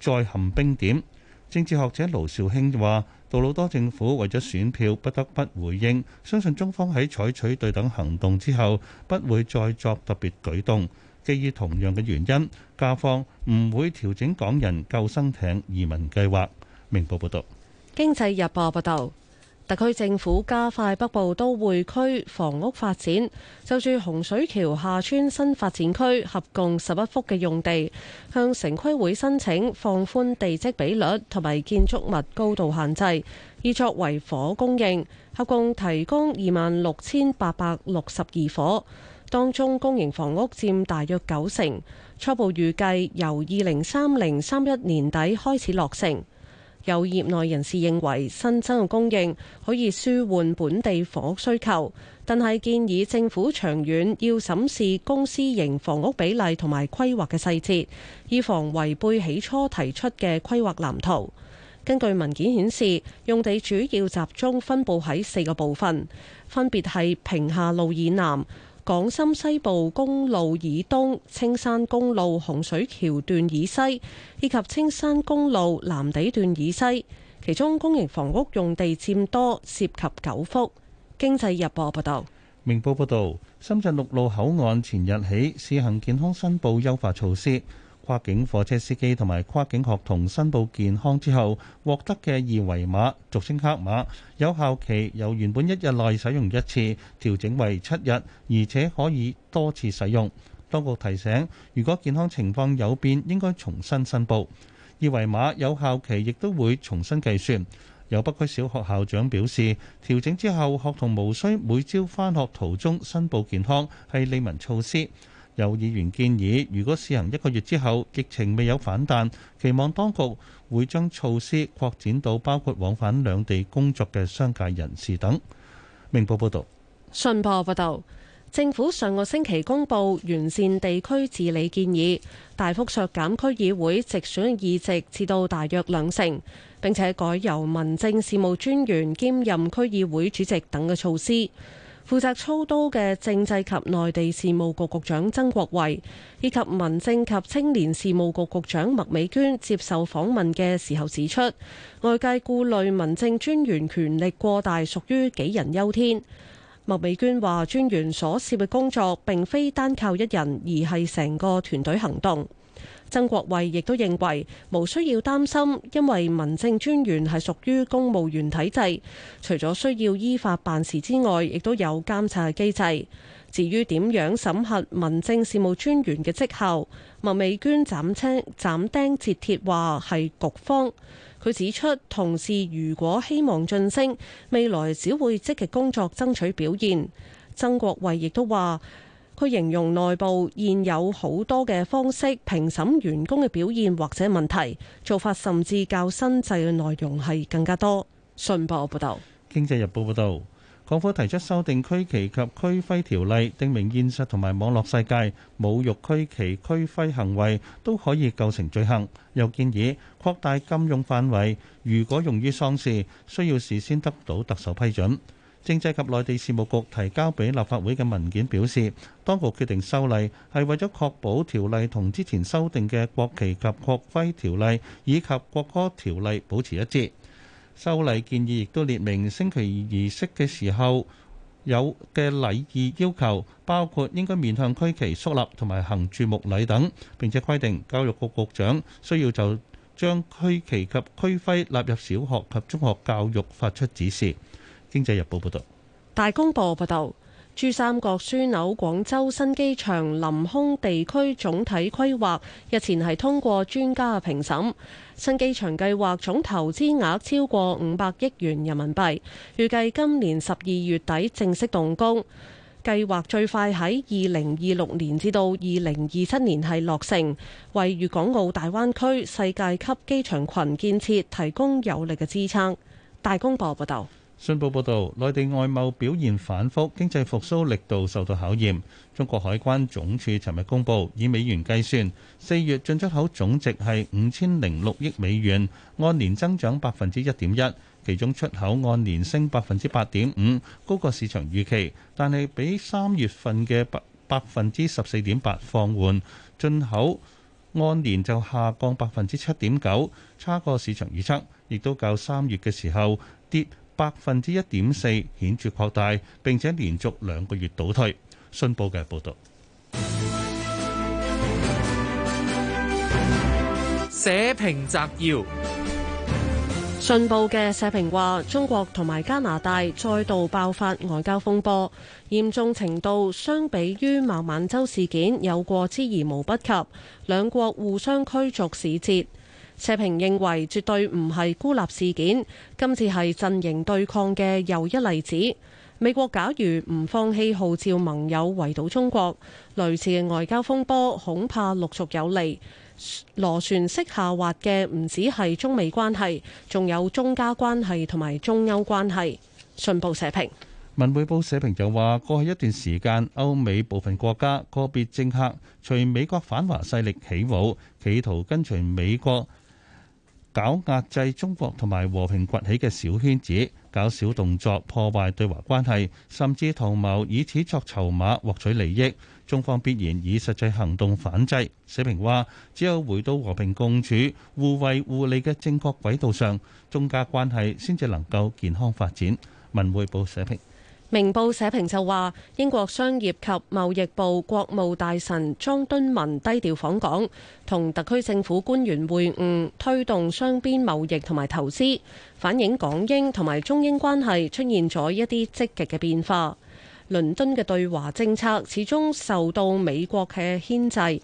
S4: 再陷冰點。政治學者盧兆興話：杜魯多政府為咗選票不得不回應，相信中方喺採取對等行動之後，不會再作特別舉動。基於同樣嘅原因，加方唔會調整港人救生艇移民計劃。明報報導，
S3: 經濟日報報導。特區政府加快北部都會區房屋發展，就住洪水橋廈村新發展區合共十一幅嘅用地，向城規會申請放寬地積比率同埋建築物高度限制，以作為火供應，合共提供二萬六千八百六十二伙。當中公營房屋佔大約九成，初步預計由二零三零三一年底開始落成。有業內人士認為新增嘅供應可以舒緩本地房屋需求，但係建議政府長遠要審視公私營房屋比例同埋規劃嘅細節，以防違背起初提出嘅規劃藍圖。根據文件顯示，用地主要集中分佈喺四個部分，分別係平下路以南。港深西部公路以東、青山公路洪水橋段以西，以及青山公路藍地段以西，其中公營房屋用地佔多，涉及九幅。經濟日報報道，
S4: 明報報道，深圳陸路口岸前日起試行健康申報優化措施。跨境貨車司機同埋跨境學童申報健康之後獲得嘅二維碼，俗稱黑碼，有效期由原本一日內使用一次調整為七日，而且可以多次使用。當局提醒，如果健康情況有變，應該重新申報。二維碼有效期亦都會重新計算。有北區小學校長表示，調整之後，學童無需每朝返學途中申報健康，係利民措施。有議員建議，如果試行一個月之後疫情未有反彈，期望當局會將措施擴展到包括往返兩地工作嘅商界人士等。明報報道：
S3: 「信報報導，政府上個星期公布完善地區治理建議，大幅削減區議會直選議席至到大約兩成，並且改由民政事務專員兼任區議會主席等嘅措施。」負責操刀嘅政制及內地事務局局長曾國衛，以及民政及青年事務局局長麥美娟接受訪問嘅時候指出，外界顧慮民政專員權力過大屬於杞人憂天。麥美娟話，專員所涉嘅工作並非單靠一人，而係成個團隊行動。曾國衛亦都認為無需要擔心，因為民政專員係屬於公務員體制，除咗需要依法辦事之外，亦都有監察嘅機制。至於點樣審核民政事務專員嘅績效，麥美娟斬釘斬釘截鐵話係局方。佢指出，同事如果希望晉升，未來只會積極工作爭取表現。曾國衛亦都話。佢形容內部現有好多嘅方式評審員工嘅表現或者問題做法，甚至較新制嘅內容係更加多。信報報
S4: 導，《經濟日報》報導，港府提出修訂區旗及區徽條例，定明現實同埋網絡世界侮辱區旗區徽行為都可以構成罪行，又建議擴大禁用範圍，如果用於喪事，需要事先得到特首批准。政制及內地事務局提交俾立法會嘅文件表示，當局決定修例係為咗確保條例同之前修訂嘅國旗及國徽條例以及國歌條例保持一致。修例建議亦都列明升旗儀式嘅時候有嘅禮儀要求，包括應該面向區旗肅立同埋行注目禮等。並且規定教育局局長需要就將區旗及區徽納入小學及中學教育發出指示。《經濟日報》報導，
S3: 《大公報》報道，珠三角樞紐廣州新機場臨空地區總體規劃日前係通過專家嘅評審。新機場計劃總投資額超過五百億元人民幣，預計今年十二月底正式動工，計劃最快喺二零二六年至到二零二七年係落成，為粵港澳大灣區世界級機場群建設提供有力嘅支撐。《大公報》報道。
S4: 信報報導，內地外貿表現反覆，經濟復甦力度受到考驗。中國海關總署尋日公佈，以美元計算，四月進出口總值係五千零六億美元，按年增長百分之一點一，其中出口按年升百分之八點五，高過市場預期，但係比三月份嘅百百分之十四點八放緩；進口按年就下降百分之七點九，差過市場預測，亦都較三月嘅時候跌。百分之一點四顯著擴大，並且連續兩個月倒退。信報嘅報導，
S3: 社評摘要。信報嘅社評話：中國同埋加拿大再度爆發外交風波，嚴重程度相比於孟晚舟事件有過之而無不及。兩國互相驅逐使節。社評認為絕對唔係孤立事件，今次係陣營對抗嘅又一例子。美國假如唔放棄號召盟友圍堵中國，類似嘅外交風波恐怕陸續有嚟。螺旋式下滑嘅唔止係中美關係，仲有中加關係同埋中歐關係。信報社評。
S4: 文匯報社評就話，過去一段時間，歐美部分國家個別政客隨美國反華勢力起舞，企圖跟隨美國搞壓制中國同埋和平崛起嘅小圈子，搞小動作破壞對華關係，甚至圖謀以此作籌碼獲取利益，中方必然以實際行動反制。社評話：只有回到和平共處、互惠互利嘅正確軌道上，中加關係先至能夠健康發展。文匯報社評。
S3: 明報社評就話：英國商業及貿易部國務大臣莊敦文低調訪港，同特區政府官員會晤，推動雙邊貿易同埋投資，反映港英同埋中英關係出現咗一啲積極嘅變化。倫敦嘅對華政策始終受到美國嘅牽制，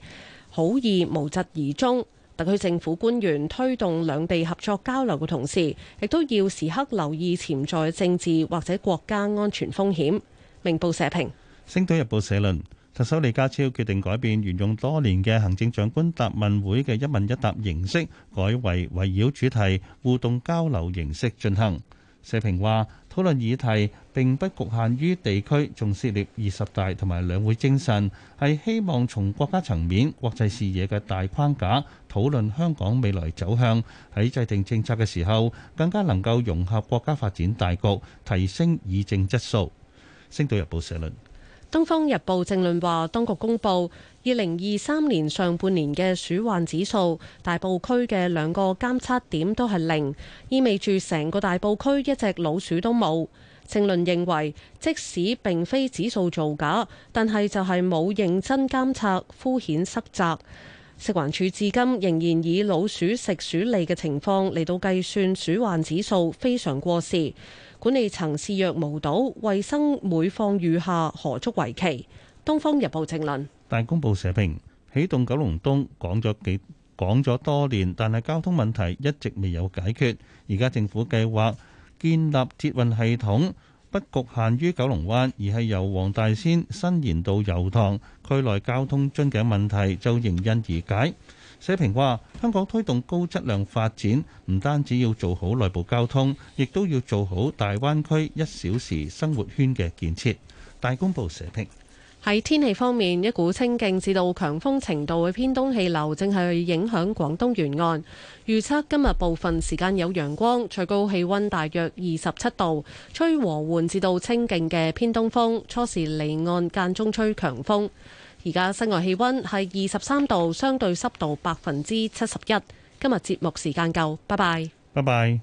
S3: 好易無疾而終。特區政府官員推動兩地合作交流嘅同時，亦都要時刻留意潛在政治或者國家安全風險。明報社評，
S4: 《星島日報》社論：特首李家超決定改變沿用多年嘅行政長官答問會嘅一問一答形式，改為圍繞主題互動交流形式進行。社評話，討論議題並不局限於地區，仲涉獵二十大同埋兩會精神，係希望從國家層面、國際視野嘅大框架討論香港未來走向，喺制定政策嘅時候，更加能夠融合國家發展大局，提升議政質素。星島日報社論。
S3: 《東方日報》正論話，當局公佈二零二三年上半年嘅鼠患指數，大埔區嘅兩個監測點都係零，意味住成個大埔區一隻老鼠都冇。正論認為，即使並非指數造假，但係就係冇認真監測，敷衍塞責。食環署至今仍然以老鼠食鼠利嘅情況嚟到計算鼠患指數，非常過時。管理層視若無睹，衛生每況愈下何足為奇？東方日報正論。
S4: 大公報社評，啟動九龍東，講咗幾講咗多年，但係交通問題一直未有解決。而家政府計劃建立捷運系統，不局限於九龍灣，而係由黃大仙、伸延到油塘，區內交通樽頸問題就迎刃而解。社評話：香港推動高質量發展，唔單止要做好內部交通，亦都要做好大灣區一小時生活圈嘅建設。大公報社評。
S3: 喺天氣方面，一股清勁至到強風程度嘅偏東氣流正係影響廣東沿岸。預測今日部分時間有陽光，最高氣溫大約二十七度，吹和緩至到清勁嘅偏東風，初時離岸間中吹強風。而家室外氣溫係二十三度，相對濕度百分之七十一。
S11: 今日節目時間夠，拜拜，
S4: 拜拜。